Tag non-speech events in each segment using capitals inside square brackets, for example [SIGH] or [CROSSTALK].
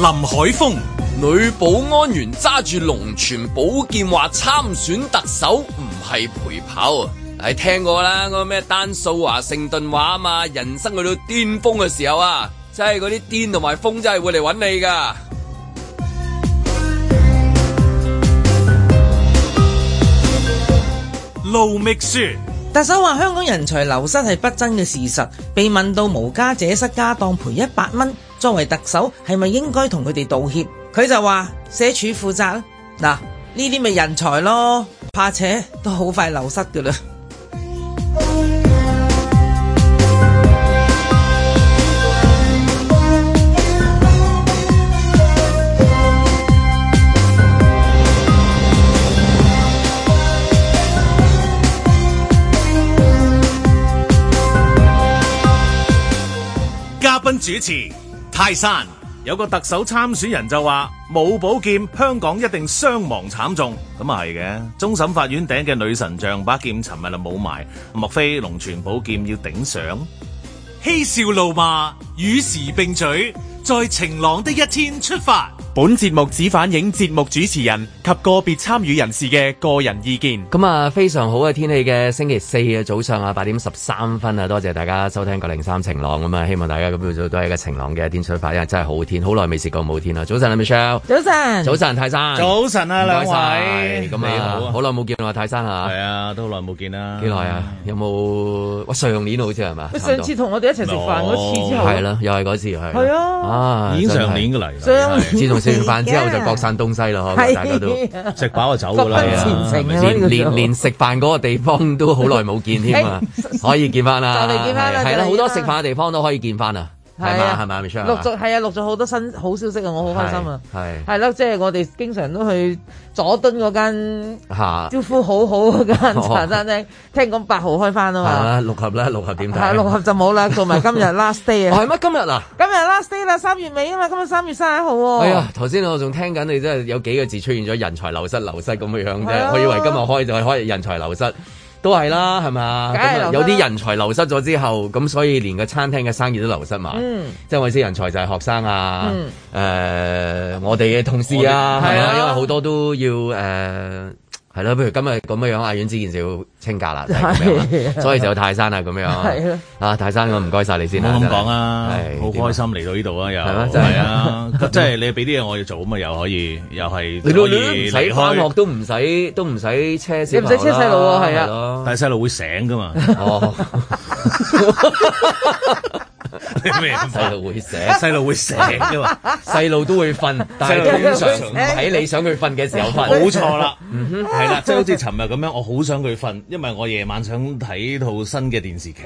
林海峰，女保安員揸住龍泉寶劍話參選特首唔係陪跑。是、那個、啊！係聽過啦，嗰個咩單數華盛頓話啊嘛，人生去到巔峰嘅時候啊，真係嗰啲癲同埋瘋真係會嚟揾你噶。盧覓雪，特首話香港人才流失係不爭嘅事實。被問到無家者失家當賠，當賠一百蚊。作為特首，係咪應該同佢哋道歉？佢就話社署負責啦。嗱，呢啲咪人才咯，怕且都好快流失㗎啦。嘉賓主持。泰山有個特首參選人就話冇寶劍，香港一定傷亡慘重。咁啊係嘅，終審法院頂嘅女神像把劍尋日就冇埋，莫非龍泉寶劍要頂上？嬉笑怒罵，與時並取，在晴朗的一天出發。本節目只反映節目主持人及個別參與人士嘅個人意見。咁啊，非常好嘅天氣嘅星期四嘅早上啊，八點十三分啊，多謝大家收聽《九零三晴朗》啊，希望大家咁朝早都係一個晴朗嘅一天出發，因為真係好天，好耐未試過冇天啦。早晨啊，Michelle。早晨。早晨，泰山。早晨啊，兩位。咁啊，好耐冇見啦，泰山啊，係啊，都好耐冇見啦。幾耐啊？有冇？上年好似係嘛？上次同我哋一齊食飯嗰次之後，係啦，又係嗰次係。係啊。啊，上年嚟。上年。自從食完飯之後就各散東西啦，嗬，大家都。食飽就走㗎啦，啊、係係連連連食飯嗰個地方都好耐冇見添啊， [LAUGHS] 可以見翻啦，係啦 [LAUGHS] 了，好多食飯嘅地方都可以見翻啦。係啊，係咪未出？錄咗係啊，錄咗好多新好消息啊，我好開心啊！係係咯，即係我哋經常都去佐敦嗰間，啊、招呼好好嗰間茶餐廳。哦、聽講八號開翻啊嘛！啊，六合啦，六合點睇啊？六合就冇啦，做埋今日 last day 啊！係乜今日啊？今日 last day 啦，三月尾啊嘛，今日三月三十一號喎。哎呀，頭先我仲聽緊你，真係有幾個字出現咗人才流失流失咁嘅樣啫。我、啊、以，以為今日開就以開人才流失。都係啦，係咪？啊、嗯，有啲人才流失咗之後，咁所以連個餐廳嘅生意都流失埋。即係我哋啲人才就係學生啊，誒、嗯、呃，我哋嘅同事啊，係啊，因為好多都要誒。呃係啦，不如今日咁樣樣，阿丸子件事要請假啦，所以就有泰山啊，咁樣。係啊，泰山，我唔該晒你先啦，我講啊，好開心嚟到呢度啊，又係啊，即係你俾啲嘢我要做咁嘛，又可以又係可以，唔使返學，都唔使都唔使車細路，因為車細路係啊，但係細路會醒㗎嘛。咩？細路會醒，細路會醒啫嘛，細路都會瞓，但係通常喺你想佢瞓嘅時候瞓，冇 [LAUGHS] 錯啦，係 [LAUGHS] [LAUGHS] 啦，即係好似尋日咁樣，我好想佢瞓，因為我夜晚想睇套新嘅電視劇。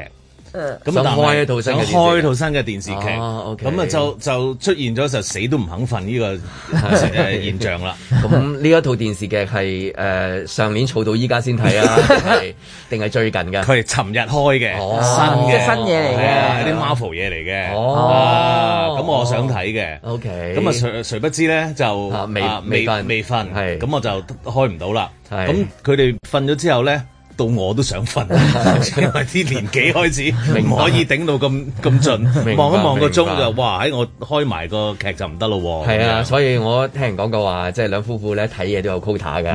咁啊，想開一套新嘅電視劇，咁啊就就出現咗就死都唔肯瞓呢個誒現象啦。咁呢一套電視劇係誒上年儲到依家先睇啊，定係最近嘅？佢係尋日開嘅，新嘅新嘢嚟嘅，啲 Marvel 嘢嚟嘅。咁我想睇嘅。OK。咁啊誰誰不知咧就未未瞓未瞓，咁我就開唔到啦。咁，佢哋瞓咗之後咧。到我都想瞓，因為啲年紀開始唔可以頂到咁咁盡，望一望個鐘就哇，喺我開埋個劇就唔得咯喎。係啊，所以我聽人講過話，即係兩夫婦咧睇嘢都有 quota 㗎，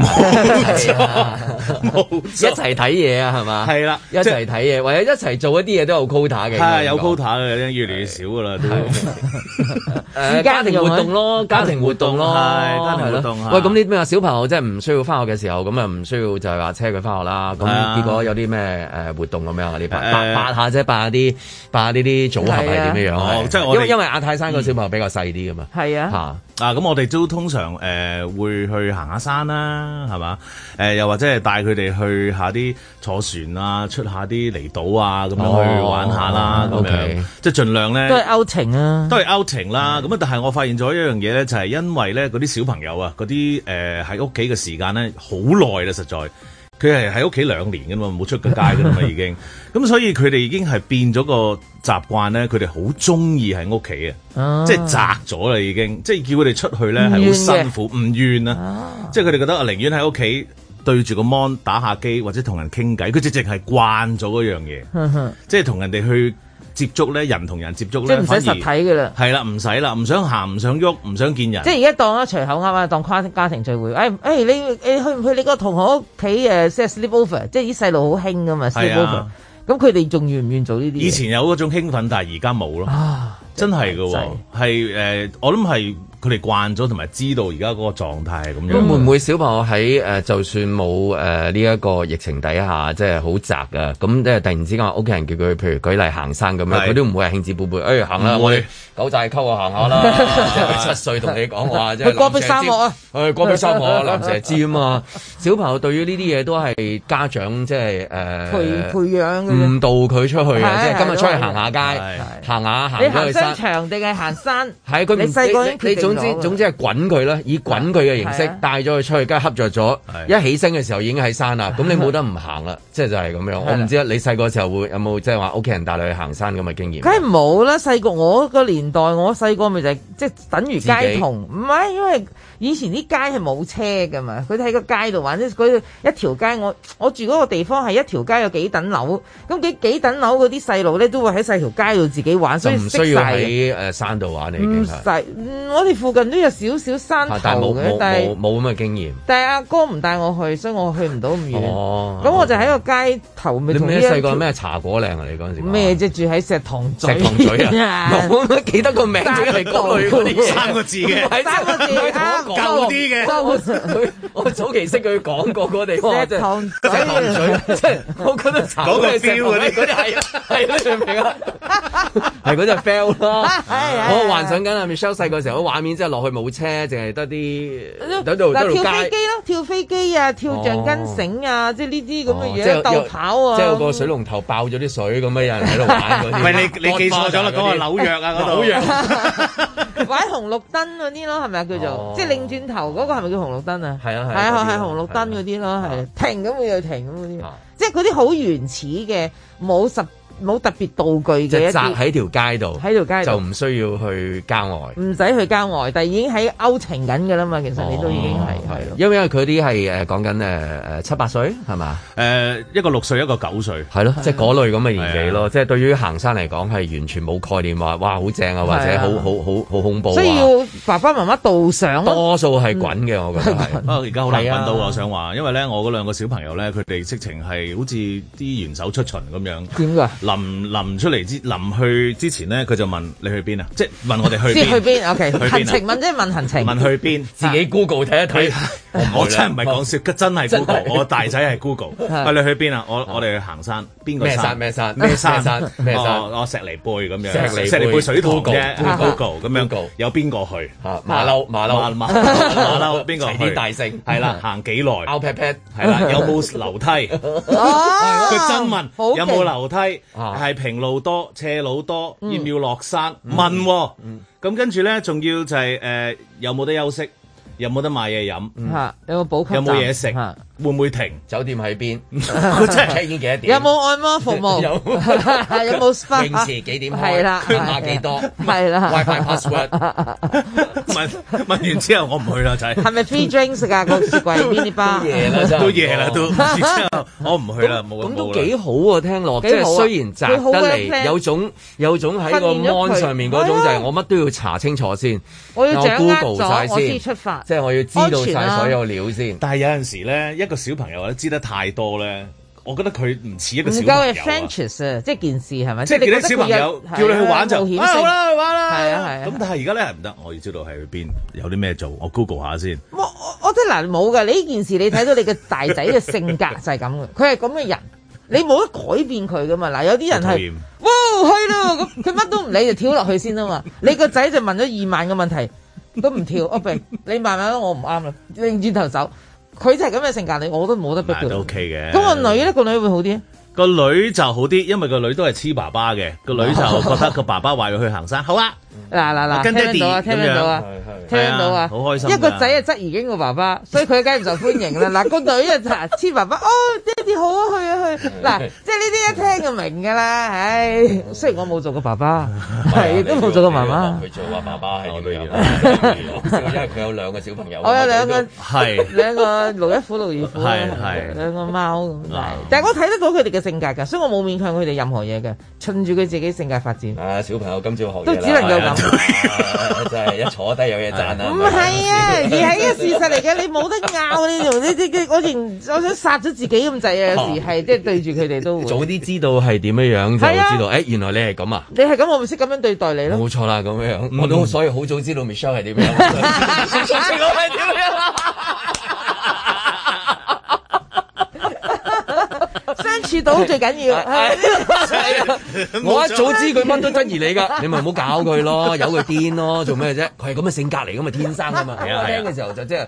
一齊睇嘢啊，係嘛？係啦，一齊睇嘢，或者一齊做一啲嘢都有 quota 嘅。係啊，有 quota 嘅，越嚟越少㗎啦，家庭活動咯，家庭活動咯，係家庭活動。喂，咁你咩小朋友即係唔需要翻學嘅時候，咁啊唔需要就係話車佢翻學啦。嗯、結果有啲咩誒活動咁樣啊？呢排，啊，八下啫，八下啲八呢啲組合係點樣？哦，即係我因為因為阿泰山個小朋友比較細啲噶嘛，係啊，啊咁我哋都通常誒會去行下山啦，係嘛？誒又或者係帶佢哋去下啲坐船啊，出下啲離島啊，咁樣去玩下啦，咁樣即係盡量咧，都係 outing 啊，都係 outing 啦。咁啊，但係我發現咗一樣嘢咧，就係因為咧嗰啲小朋友啊，嗰啲誒喺屋企嘅時間咧好耐啦，實在。佢係喺屋企兩年噶嘛，冇出過街噶啦嘛已經，咁所以佢哋已經係變咗個習慣咧，佢哋好中意喺屋企啊，即係宅咗啦已經，即係叫佢哋出去咧係好辛苦，唔願啊，啊即係佢哋覺得啊，寧願喺屋企對住個 mon 打下機或者同人傾偈，佢直直係慣咗嗰樣嘢， [LAUGHS] 即係同人哋去。接觸咧，人同人接觸咧，即係唔使實體嘅啦，係啦，唔使啦，唔想行，唔想喐，唔想見人。即係而家當咗隨口啱啊，當跨家庭聚會。誒誒，你誒去唔去你個同學屋企誒 set sleepover？即係啲細路好興噶嘛，sleepover。咁佢哋仲願唔願做呢啲？以前有嗰種興奮，但係而家冇咯。啊，真係㗎喎，係誒，我諗係。佢哋慣咗，同埋知道而家嗰個狀態咁樣。咁會唔會小朋友喺誒，就算冇誒呢一個疫情底下，即係好宅噶，咁即係突然之間屋企人叫佢，譬如舉例行山咁樣，佢都唔會係興致勃勃，誒行啦，我九寨溝我行下啦，佢七歲同你講話，即係國別三個啊，佢國別三個啊，蚺蛇尖啊，小朋友對於呢啲嘢都係家長即係誒培培養，誤導佢出去啊。即係今日出去行下街，行下行。你行商場定係行山？係佢總之總之係滾佢啦，以滾佢嘅形式帶咗佢出去，而家恰着咗，一起身嘅時候已經喺山啦。咁你冇得唔行啦，即係就係、是、咁樣。我唔知你細個時候會有冇即係話屋企人帶你去行山咁嘅經驗。梗係冇啦，細個我個年代，我細個咪就係、是、即係等於街童，唔係己因為。以前啲街係冇車㗎嘛，佢哋喺個街度玩，即係佢一條街，我我住嗰個地方係一條街有幾等樓，咁幾幾等樓嗰啲細路咧都會喺細條街度自己玩，所以唔需要喺山度玩嚟嘅。唔細，我哋附近都有少少山頭嘅，但係冇冇咁嘅經驗。但係阿哥唔帶我去，所以我去唔到咁遠。咁我就喺個街頭咪同啲細個咩茶果嶺啊？你嗰陣時咩即住喺石塘嘴，石塘嘴啊！我記得個名係三個字嘅，三個字舊啲嘅，我早期識佢講過嗰地方，即係糖水，即係我覺得查嗰個 s h 嗰啲，嗰啲係啊，係嗰隻名啊，係嗰隻 fail 咯。我幻想緊阿 Michelle 細個時候嗰畫面，即係落去冇車，淨係得啲喺度跳飛機咯，跳飛機啊，跳橡筋繩啊，即係呢啲咁嘅嘢，鬥跑啊，即係個水龍頭爆咗啲水咁樣有人喺度玩嗰啲。唔係你你記錯咗啦，講個紐約啊，紐約玩紅綠燈嗰啲咯，係咪啊叫做即係你。轉，轉頭嗰、嗰個係咪叫紅綠燈啊？係啊係啊係些、啊、紅綠燈嗰啲、啊、咯，係、啊、停咁佢又停咁嗰啲，那啊、即係嗰啲好原始嘅冇十。冇特別道具嘅一啲，即係紮喺條街度，喺條街就唔需要去郊外，唔使去郊外，但係已經喺勾情緊嘅啦嘛。其實你都已經係，因為佢啲係誒講緊誒誒七八歲係嘛？誒一個六歲一個九歲，係咯，即係嗰類咁嘅年紀咯。即係對於行山嚟講係完全冇概念話，哇好正啊，或者好好好好恐怖啊，所以要爸爸媽媽導上。多數係滾嘅，我覺得係。不過而家好難滾到，我想話，因為咧我嗰兩個小朋友咧，佢哋直情係好似啲元首出巡咁樣。點㗎？臨臨出嚟之臨去之前咧，佢就問你去邊啊？即係問我哋去邊。即係去邊？OK。行程問即係問行程。問去邊？自己 Google 睇一睇。我真係唔係講笑，真係 Google。我大仔係 Google。喂，你去邊啊？我我哋去行山。邊個山？咩山？咩山？咩山？我石梨貝咁樣。石梨貝水塘嘅。Google 咁樣。有邊個去？馬騮馬騮。馬騮邊個？大聖係啦。行幾耐？拗劈劈係啦。有冇樓梯？佢真問有冇樓梯？係平路多，斜路多，要唔要落山？問，咁跟住咧，仲要就係、是、誒、呃，有冇得休息？有冇得買嘢飲？有冇補給站？有冇嘢食？會唔會停？酒店喺邊？我係幾多點有冇按摩服務？有冇 Spa？平時幾點開？係啦。佢幾多？係啦。WiFi password，問問完之後，我唔去啦，仔。係咪 free drink 食啊？個雪櫃 mini bar 都夜啦，都夜啦，都。我唔去啦，冇咁都幾好喎，聽落即係雖然宅得嚟，有種有種喺個安上面嗰種就係我乜都要查清楚先，我要 google 晒先，出發即係我要知道曬所有料先，但係有陣時咧，一個小朋友或者知得太多咧，我覺得佢唔似一個小朋友啊唔 f r e n h 即係件事係咪？即係啲小朋友叫你去玩就好啦，去玩啦。係啊係啊。咁但係而家咧係唔得，我要知道係去邊，有啲咩做，我 Google 下先。我我覺得嗱，冇噶，你呢件事你睇到你嘅大仔嘅性格就係咁嘅，佢係咁嘅人，你冇得改變佢噶嘛。嗱，有啲人係哇去咯，咁佢乜都唔理就跳落去先啊嘛。你個仔就問咗二萬個問題。 [LAUGHS] 都唔跳，唔係，你慢慢咯，我唔啱啦，擰轉頭走，佢就係咁嘅性格，你我都冇得逼佢。都 OK 嘅。咁個女咧，個女會好啲。個女就好啲，因為個女都係黐爸爸嘅，個女就覺得個爸爸話要去行山， [LAUGHS] 好啦、啊。嗱嗱嗱，聽得到啊？聽得到啊？聽得到啊！好開心。一個仔啊，質疑緊個爸爸，所以佢梗係唔受歡迎啦。嗱，個女啊，黐爸爸哦，爹哋好啊，去啊去。嗱，即係呢啲一聽就明㗎啦。唉，雖然我冇做過爸爸，係都冇做過媽媽。佢做啊爸爸，我都有。因為佢有兩個小朋友。我有兩個，係兩個六一虎、六二虎，係係兩個貓咁。但係我睇得到佢哋嘅性格㗎，所以我冇勉強佢哋任何嘢㗎，趁住佢自己性格發展。係小朋友今朝學都只能夠。真係一坐低有嘢讚啊！唔係啊，而係一個事實嚟嘅，你冇得拗你同你，你我連我想殺咗自己咁滯啊！有時係即係對住佢哋都會早啲知道係點樣樣就知道，哎原來你係咁啊！你係咁，我咪識咁樣對待你咯！冇錯啦，咁樣我都所以好早知道 Michelle 係點樣，Michelle 係點樣。相處到最緊要，我一早知佢乜都質疑你㗎，你咪唔好搞佢咯，由佢癲咯，做咩啫？佢係咁嘅性格嚟，㗎嘛，天生㗎嘛。聽嘅時候就即係，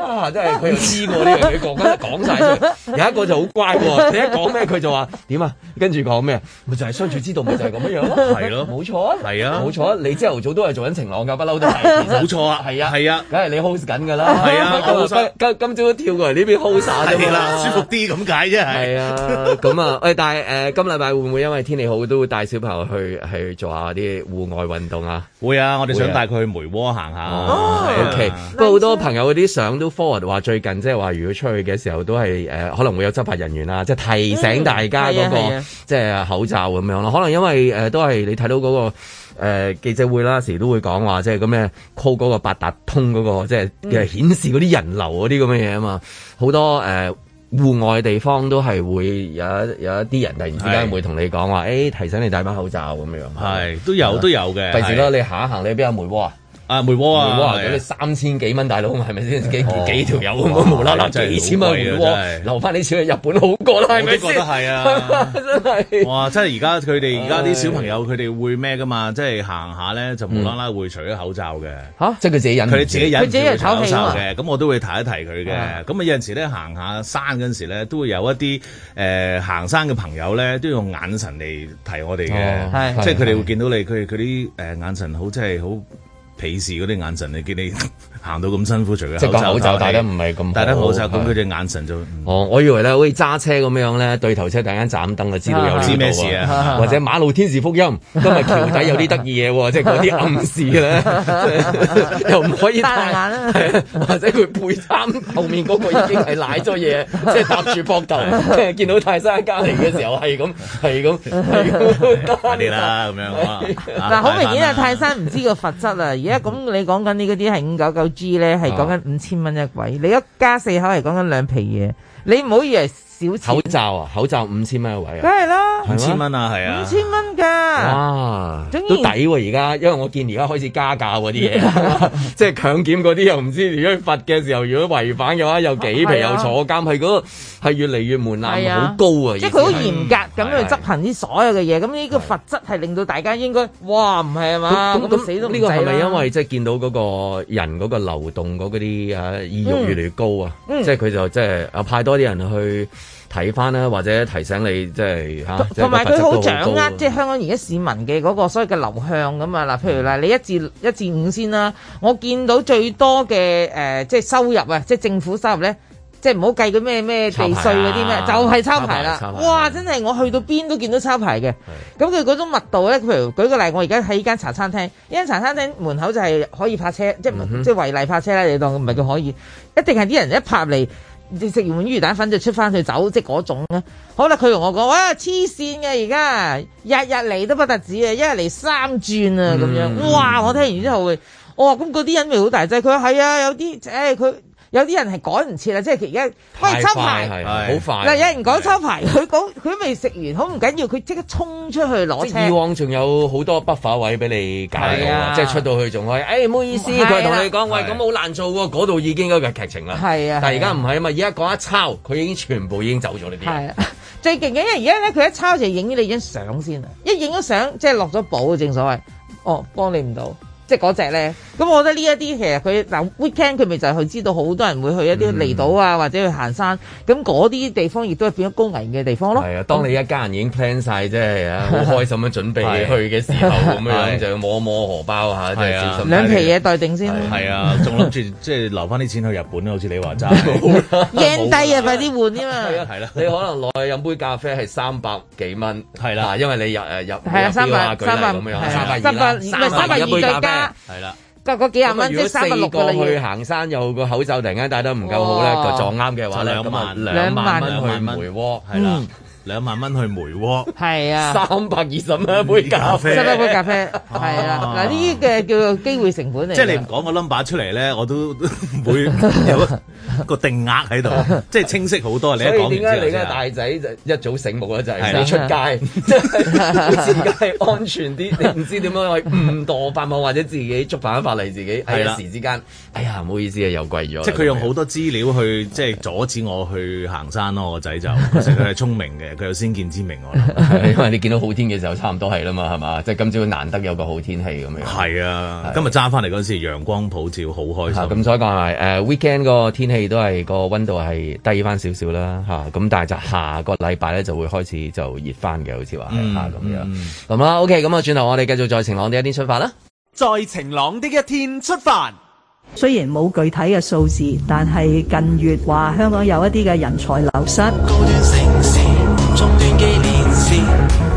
啊，真係佢又知過呢樣嗰個，今日講曬出嚟。有一個就好乖喎，你一講咩佢就話點啊？跟住講咩？咪就係相處之道，咪就係咁樣樣咯。係咯，冇錯啊，係啊，冇錯啊。你朝頭早都係做緊晴朗㗎，不嬲都係。冇錯啊，係啊，係啊，梗係你 host 緊㗎啦。係啊，今朝都跳過嚟呢邊 host 啊，係啦，舒服啲咁解啫，係。咁 [LAUGHS] 啊，喂！但係誒，今禮拜會唔會因為天氣好，都會帶小朋友去去做下啲戶外運動啊？會啊，我哋想帶佢去梅窩行下、啊。OK 不過好多朋友嗰啲相都 forward 話，最近即係話，如果出去嘅時候都係誒、呃，可能會有執法人員啦，即係提醒大家嗰、那個、嗯嗯啊啊、即係口罩咁樣咯。可能因為誒、呃，都係你睇到嗰、那個誒、呃、記者會啦，時都會講話，即係咁咩 call 嗰個八達通嗰、那個，即係嘅顯示嗰啲人流嗰啲咁嘅嘢啊嘛，好、嗯、多誒。呃戶外地方都係會有，有一啲人突然之間會同你講話，誒是的、哎、提醒你戴返口罩咁樣。係，都有都的有嘅。費事囉，你行一行你去邊啊？梅窩啊！啊梅窩啊，俾你三千幾蚊大佬，係咪先？幾幾條友無啦啦幾千蚊梅窩，留翻你錢去日本好過啦，係咪先？覺得係啊，真係哇！真係而家佢哋而家啲小朋友，佢哋會咩噶嘛？即係行下咧，就無啦啦會除咗口罩嘅嚇。即係佢自己引佢自己引佢自己嚟唞氣嘅。咁我都會提一提佢嘅。咁啊有陣時咧行下山嗰陣時咧，都會有一啲誒行山嘅朋友咧，都用眼神嚟提我哋嘅。即係佢哋會見到你，佢哋，佢啲誒眼神好，即係好。鄙視嗰啲眼神你見你。 [LAUGHS] 行到咁辛苦，除咗口罩大家唔係咁，戴得口罩咁佢隻眼神就哦，我以為咧好似揸車咁樣咧，對頭車突然間斬燈就知道有啲咩事啊？或者馬路天使福音，今日橋底有啲得意嘢喎，即係嗰啲暗示咧，又唔可以戴眼啊！或者佢背擔後面嗰個已經係瀨咗嘢，即係搭住膊頭，即係見到泰山隔籬嘅時候係咁，係咁，係咁，快啲啦咁樣嗱，好明顯啊，泰山唔知個罰則啊！而家咁你講緊呢嗰啲係五九九。G 咧係講緊五千蚊一位，Oh. 你一家四口係講緊兩皮嘢，你唔好以為。口罩啊，口罩五千蚊一位啊！梗係啦，五千蚊啊，係啊，五千蚊噶，哇，都抵喎！而家，因為我見而家開始加價嗰啲嘢，即係強檢嗰啲又唔知如果罰嘅時候，如果違反嘅話，又幾皮又坐監，係嗰個係越嚟越門檻好高啊！即係佢好嚴格咁去執行啲所有嘅嘢，咁呢個罰則係令到大家應該，哇，唔係啊嘛？咁死都唔制。呢個係咪因為即係見到嗰個人嗰個流動嗰啲啊意欲越嚟越高啊？即係佢就即係派多啲人去。睇翻啦，或者提醒你、啊啊、即係吓同埋佢好掌握，即係香港而家市民嘅嗰、那個嗯、個所謂嘅流向咁啊！嗱，譬如嗱，你一至一至五先啦，我見到最多嘅、呃、即係收入啊，即係政府收入咧，即係唔好計佢咩咩地稅嗰啲咩，啊、就係抄牌啦！牌啊牌啊、哇，真係我去到邊都見到抄牌嘅。咁佢嗰種密度咧，譬如舉個例，我而家喺依間茶餐廳，依間茶餐廳門口就係可以泊車，即係即係違例泊車啦。你當唔係佢可以，一定係啲人一泊嚟。食完碗魚蛋粉就出翻去走，即係嗰種咧。好啦，佢同我講：哇，黐線嘅，而家，日日嚟都不得止，啊，一日嚟三轉啊咁樣。嗯、哇！我聽完之後，喂，哦，咁嗰啲人咪好大劑。佢話係啊，有啲，佢、欸。有啲人係趕唔切啦，即係而家喂抄牌，好快嗱，快有人講抄牌，佢講佢未食完，好唔緊要，佢即刻衝出去攞車。以往仲有好多 buffer 位俾你搞嘅，的即係出到去仲可以。哎，唔好意思，佢同的你講，喂，咁好難做喎，嗰度的已經嗰個劇情啦。係啊，但係而家唔係啊嘛，而家講一抄，佢已經全部已經走咗呢啲。係啊，最勁嘅，因為而家咧，佢一抄就影咗你張相先啦，一影咗相即係落咗簿，正所謂哦幫你唔到。即嗰隻，咧，咁我覺得呢一啲其實佢，嗱，weekend 佢咪就係佢知道好多人會去一啲離島啊，或者去行山，咁嗰啲地方亦都係變咗高危嘅地方咯。係啊，當你一家人已經 plan 晒，即係啊，好開心咁準備去嘅時候咁樣，就要摸一摸荷包吓。即係小心啲。兩皮嘢待定先。係啊，仲諗住即係留翻啲錢去日本啊，好似你話齋。贏低啊，快啲換啊嘛。係啦，你可能落去飲杯咖啡係三百幾蚊，係啦，因為你入誒入啦。係啊，三百三百三百二百，三百二再係啦，不過幾廿蚊即係三個去行山又個口罩突然間戴得唔夠好咧，就撞啱嘅話兩萬兩萬蚊去梅窩係啦。兩萬蚊去梅窩，係啊，三百二十蚊啡一杯咖啡，三百杯咖啡，係啊，嗱呢啲嘅叫做機會成本嚟。即係你唔講個 number 出嚟咧，我都,都唔會有個定額喺度， [LAUGHS] 即係清晰好多。你一講完之後，所以點解你而家大仔就一早醒目啊？就係、是、你出街，啊、 [LAUGHS] 即出街安全啲，你唔知點樣去誤墮法網或者自己觸犯法例，自己係啦。啊啊、時之間，哎呀，唔好意思啊，又貴咗。即係佢用好多資料去即係阻止我去行山咯。我仔就其實佢係聰明嘅。佢有先見之明喎，因為你見到好天嘅時候，差唔多係啦嘛，係嘛？即係今朝難得有個好天氣咁樣。係啊，今日揸翻嚟嗰時陽光普照，好開心。咁所以講係誒，weekend 個天氣都係個溫度係低翻少少啦，嚇。咁但係就下個禮拜咧就會開始就熱翻嘅，好似話咁樣。咁啦，OK，咁啊，轉頭我哋繼續在晴朗的一天出發啦。在晴朗的一天出發，雖然冇具體嘅數字，但係近月話香港有一啲嘅人才流失。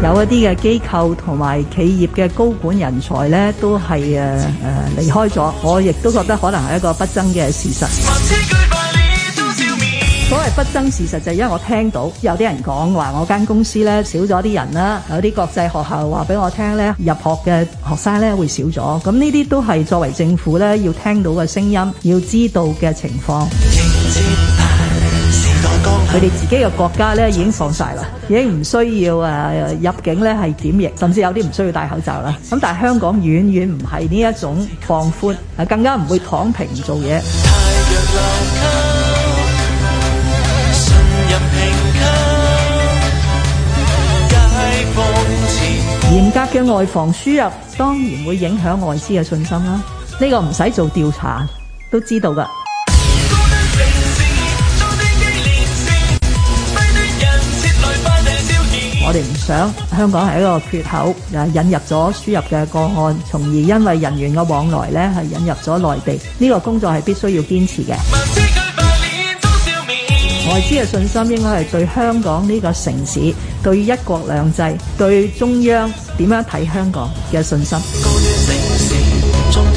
有一啲嘅機構同埋企業嘅高管人才咧，都係誒誒離開咗，我亦都覺得可能係一個不爭嘅事實。所謂不爭事實就係、是、因為我聽到有啲人講話，說我間公司咧少咗啲人啦，有啲國際學校話俾我聽咧，入學嘅學生咧會少咗，咁呢啲都係作為政府咧要聽到嘅聲音，要知道嘅情況。佢哋自己嘅國家已經放曬啦，已經唔需要入境咧係檢疫，甚至有啲唔需要戴口罩啦。咁但係香港遠遠唔係呢一種放寬，更加唔會躺平唔做嘢。嚴格嘅外防輸入當然會影響外資嘅信心啦，呢、這個唔使做調查都知道㗎。我哋唔想香港係一個缺口，引入咗輸入嘅個案，從而因為人員嘅往來咧係引入咗內地。呢、這個工作係必須要堅持嘅。的外資嘅信心應該，係對香港呢個城市，對一國兩制，對中央點樣睇香港嘅信心。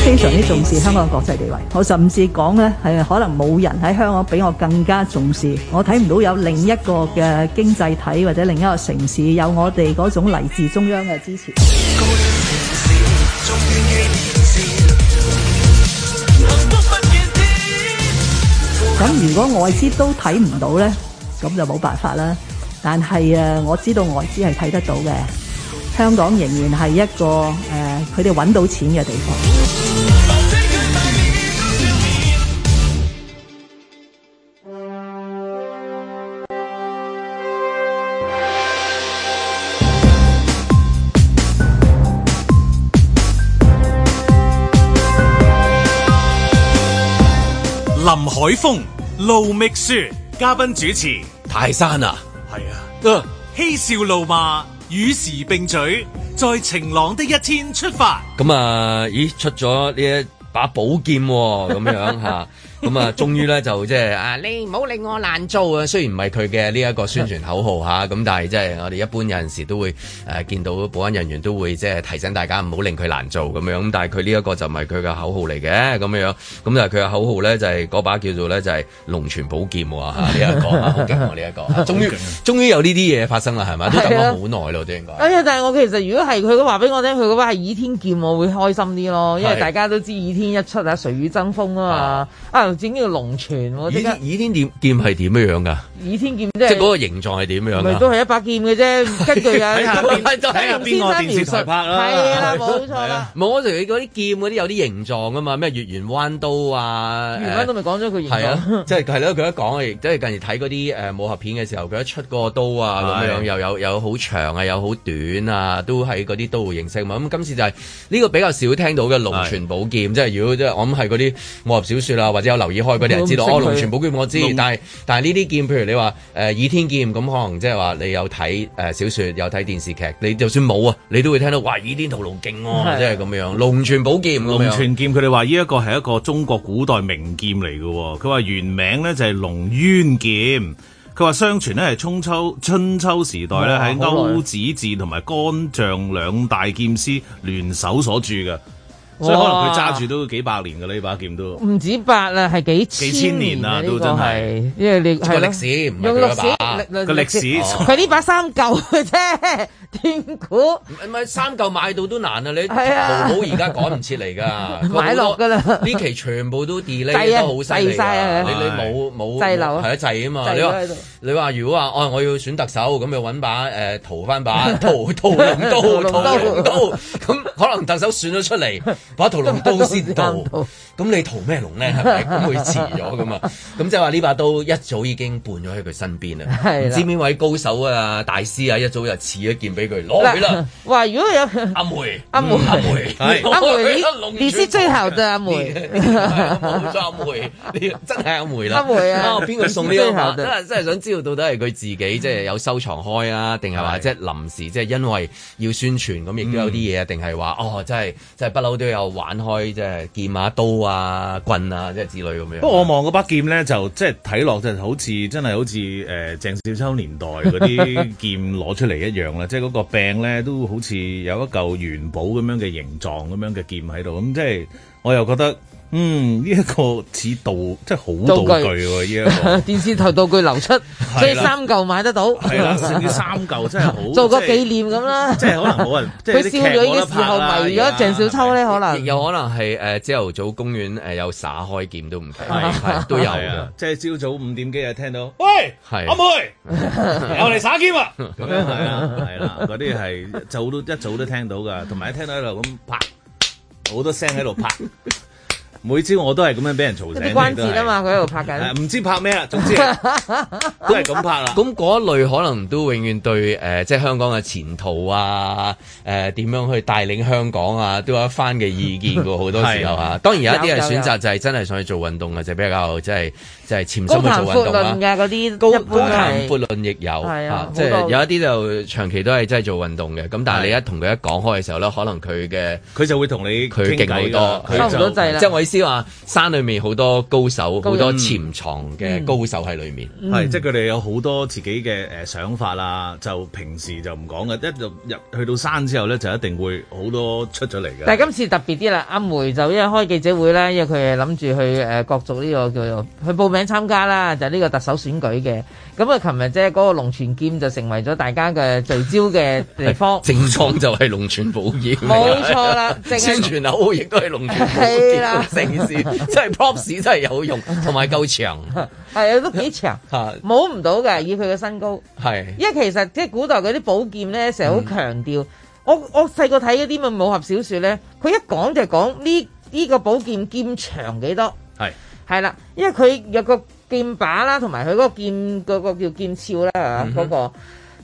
非常之重視香港嘅國際地位，我甚至講咧，係可能冇人喺香港比我更加重視。我睇唔到有另一個嘅經濟體或者另一個城市有我哋嗰種嚟自中央嘅支持。咁如果外資都睇唔到呢，咁就冇辦法啦。但係誒，我知道外資係睇得到嘅，香港仍然係一個誒，佢哋揾到錢嘅地方。林海峰、盧覓雪嘉賓主持，泰山啊，係啊，嬉、啊、笑怒罵，與時並嘴，在晴朗的一天出發。咁啊，咦，出咗呢一把寶劍、哦，咁 [LAUGHS] 樣吓、啊。咁啊，終於咧就即、就、係、係、啊，你唔好令我難做啊！雖然唔係佢嘅呢一個宣傳口號吓，咁、啊、但係即係我哋一般有陣時都會誒、啊、見到保安人員都會即係提醒大家唔好令佢難做咁樣。咁但係佢呢一個就唔係佢嘅口號嚟嘅咁樣。咁但係佢嘅口號咧就係、係、嗰把叫做咧就係、係、龍泉寶劍喎。呢一個好勁喎，呢、啊、一、這個。終於終於有呢啲嘢發生啦，係咪？都等咗好耐咯，都應該。哎呀來，但係我其實如果係佢都話俾我聽，佢嗰把係倚天劍，我會開心啲咯，因為大家都知倚是天一出誰與爭爭啊，誰與爭鋒啊嘛啊！整呢個龍泉喎，倚天倚天劍劍係點樣噶？倚天劍即係即係嗰個形狀係點樣噶？都係一把劍嘅啫，根據啊，邊個電視台拍啦？係啦，冇錯。冇嗰時佢嗰啲劍嗰啲有啲形狀噶嘛？咩月圓彎刀啊？彎刀咪講咗佢形狀，即係係咯。佢一講即係近日睇嗰啲誒武俠片嘅時候，佢一出個刀啊咁樣，又有有好長啊，有好短啊，都係嗰啲刀嘅形式。咁今次就係呢個比較少聽到嘅龍泉寶劍，即係如果即係我諗係嗰啲武俠小說啊，或者留意開嗰啲人知道，哦，龍泉寶劍我知龍但，但係但係呢啲劍，譬如你話誒倚天劍咁，可能即係話你有睇誒小說，有睇電視劇，你就算冇啊，你都會聽到話倚天屠龍記哦、啊，即係咁樣。龍泉寶劍，龍泉劍，佢哋話呢一個係一個中國古代名劍嚟嘅，佢話原名咧就係龍淵劍，佢話相傳咧係春秋春秋時代咧喺歐冶子同埋干將兩大劍師聯手所著嘅。所以可能佢揸住都幾百年嘅呢把劍都唔止百啊，係幾千幾千年啦都真係，因為你個歷史唔係幾多把。個歷史佢呢把三舊嘅啫，斷估唔係三舊買到都難啊！你淘寶而家趕唔切嚟㗎，買落㗎啦。呢期全部都 delay 都好犀利，你你冇冇係一滯啊嘛？你話你話如果話哦我要選特首咁，要揾把誒淘翻把淘淘龍刀淘龍刀咁，可能特首選咗出嚟。把屠龍刀先到，咁你屠咩龍咧？係咪咁會遲咗㗎嘛？咁即係話呢把刀一早已經伴咗喺佢身邊啦。唔知邊位高手啊、大師啊，一早就賜咗件俾佢攞去啦。話如果有阿梅、阿梅、阿梅，阿梅，獵獅最後都阿梅冇錯，阿梅真係阿梅啦。阿梅啊，邊個送呢個？真係真係想知道到底係佢自己即係有收藏開啊，定係話即係臨時即係因為要宣傳咁亦都有啲嘢，定係話哦，真係真係不嬲都有。就玩開即係劍啊、刀啊、棍啊，即係之類咁樣。不過我望嗰把劍咧，就即係睇落就好似真係好似誒、呃、鄭少秋年代嗰啲劍攞出嚟一樣啦。即係嗰個柄咧都好似有一嚿元寶咁樣嘅形狀咁樣嘅劍喺度。咁即係我又覺得。嗯，呢一個似道具，真係好道具喎。呢一個電視台道具流出，所以三嚿買得到。係啦，甚至三嚿真係好做個紀念咁啦。即係可能冇人，佢笑咗嘅時候迷咗鄭少秋咧，可能有可能係誒，朝頭早公園誒，有耍開劍都唔睇。係係都有啊。即係朝早五點幾啊，聽到喂，阿妹又嚟耍劍啊，咁樣係啊，係啦，嗰啲係早都一早都聽到噶，同埋一聽到喺度咁拍好多聲喺度拍。每朝我都係咁樣俾人嘈醒，啲關節啊嘛，佢喺度拍緊，唔知拍咩啊？總之都係咁拍啦。咁嗰類可能都永遠對誒，即係香港嘅前途啊，誒點樣去帶領香港啊，都有一番嘅意見喎。好多時候啊，當然有一啲係選擇就係真係想去做運動嘅，就比較即係即係潛心去做運動啦。高談闊論嘅嗰啲，高談闊論亦有，即係有一啲就長期都係真係做運動嘅。咁但係你一同佢一講開嘅時候咧，可能佢嘅佢就會同你佢勁好多，差先話山裏面好多高手，好、嗯、多潛藏嘅高手喺裏面，係即係佢哋有好多自己嘅誒想法啊！就平時就唔講嘅，一入去到山之後咧，就一定會好多出咗嚟嘅。但係今次特別啲啦，阿梅就因為開記者會咧，因為佢係諗住去誒角逐呢個叫做去報名參加啦，就呢、是、個特首選舉嘅。咁啊，琴日即係嗰個龍泉劍就成為咗大家嘅聚焦嘅地方。 [LAUGHS] 正藏就係龍泉寶劍，冇錯啦。宣 [LAUGHS] 是傳樓應該係龍泉寶劍。 [LAUGHS] 啦 [LAUGHS] 平時 [LAUGHS] [LAUGHS] 真係 props 真係有用，同埋夠長，係啊都幾長，冇唔 [LAUGHS] 到嘅以佢嘅身高，係是。因為其實即係古代嗰啲寶劍咧，成日好強調，我我細個睇嗰啲咪武俠小說咧，佢一講就係講呢呢個寶劍劍長幾多，係係啦，因為佢有個劍把啦，同埋佢個劍、嗰個叫劍鞘啦嗰個，咁、嗯哼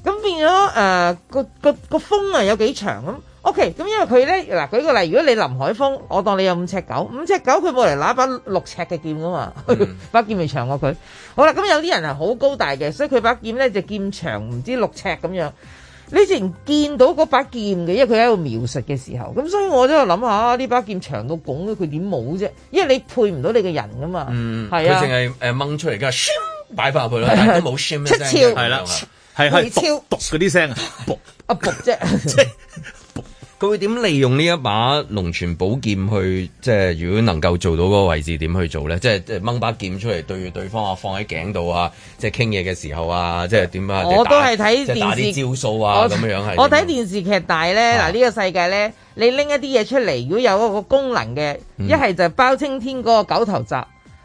那個、變咗誒、呃那個、那個、個鋒啊有幾長咁。OK，咁因為佢咧，嗱舉個例，如果你林海峰，我當你有五尺九，五尺九佢冇嚟拿把六尺嘅劍噶嘛，嗯、 [LAUGHS] 把劍未長過佢。好啦，咁有啲人係好高大嘅，所以佢把劍咧就劍長唔知六尺咁樣。你之前見到嗰把劍嘅，因為佢喺度描述嘅時候，咁所以我都喺度諗下，呢、啊、把劍長到拱，咗佢點冇啫？因為你配唔到你嘅人噶嘛，嗯，啊，佢淨係掹出嚟，跟住擺翻入去啦，都冇 [LAUGHS] 超，招，係啦，係係，嗰啲超聲 [LAUGHS] 啊，啊，即係即佢會點利用呢一把龍泉寶劍去即係如果能夠做到嗰個位置點去做咧？即係即係掹把劍出嚟對住對方啊，放喺頸度啊，即係傾嘢嘅時候啊，即係點啊？我都係睇電視招數啊，咁樣樣係。我睇電視劇大咧，嗱呢個世界咧，你拎一啲嘢出嚟，如果有個功能嘅，一係、嗯、就係包青天嗰個狗頭鍘，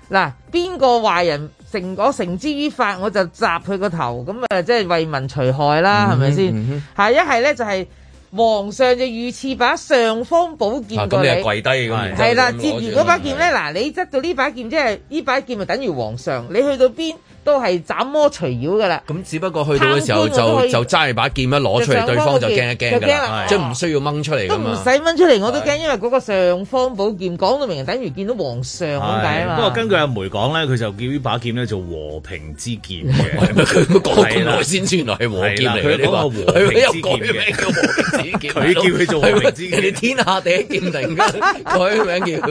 嗱邊個壞人，成果繩之於法，我就砸佢個頭，咁啊即係為民除害啦，係咪先？係一係咧就係、就。是皇上就御賜把尚方寶劍，咁、啊、你係跪低咁係啦，接住嗰把劍咧，嗱、就是，你執到呢把劍即係呢把劍，咪等於皇上，你去到邊？都係斬魔除妖噶啦，咁只不過去到嘅時候就就揸住把劍一攞出嚟，對方就驚一驚㗎啦，即係唔需要掹出嚟㗎嘛。都唔使掹出嚟，我都驚，因為嗰個上方寶劍講到明，等於見到皇上咁解嘛。不過根據阿梅講咧，佢就叫呢把劍呢做和平之劍嘅。佢講咁耐先知原來係和劍嚟，佢講個和平之劍嘅。佢叫佢做和平之劍，天下第一劍定？佢名叫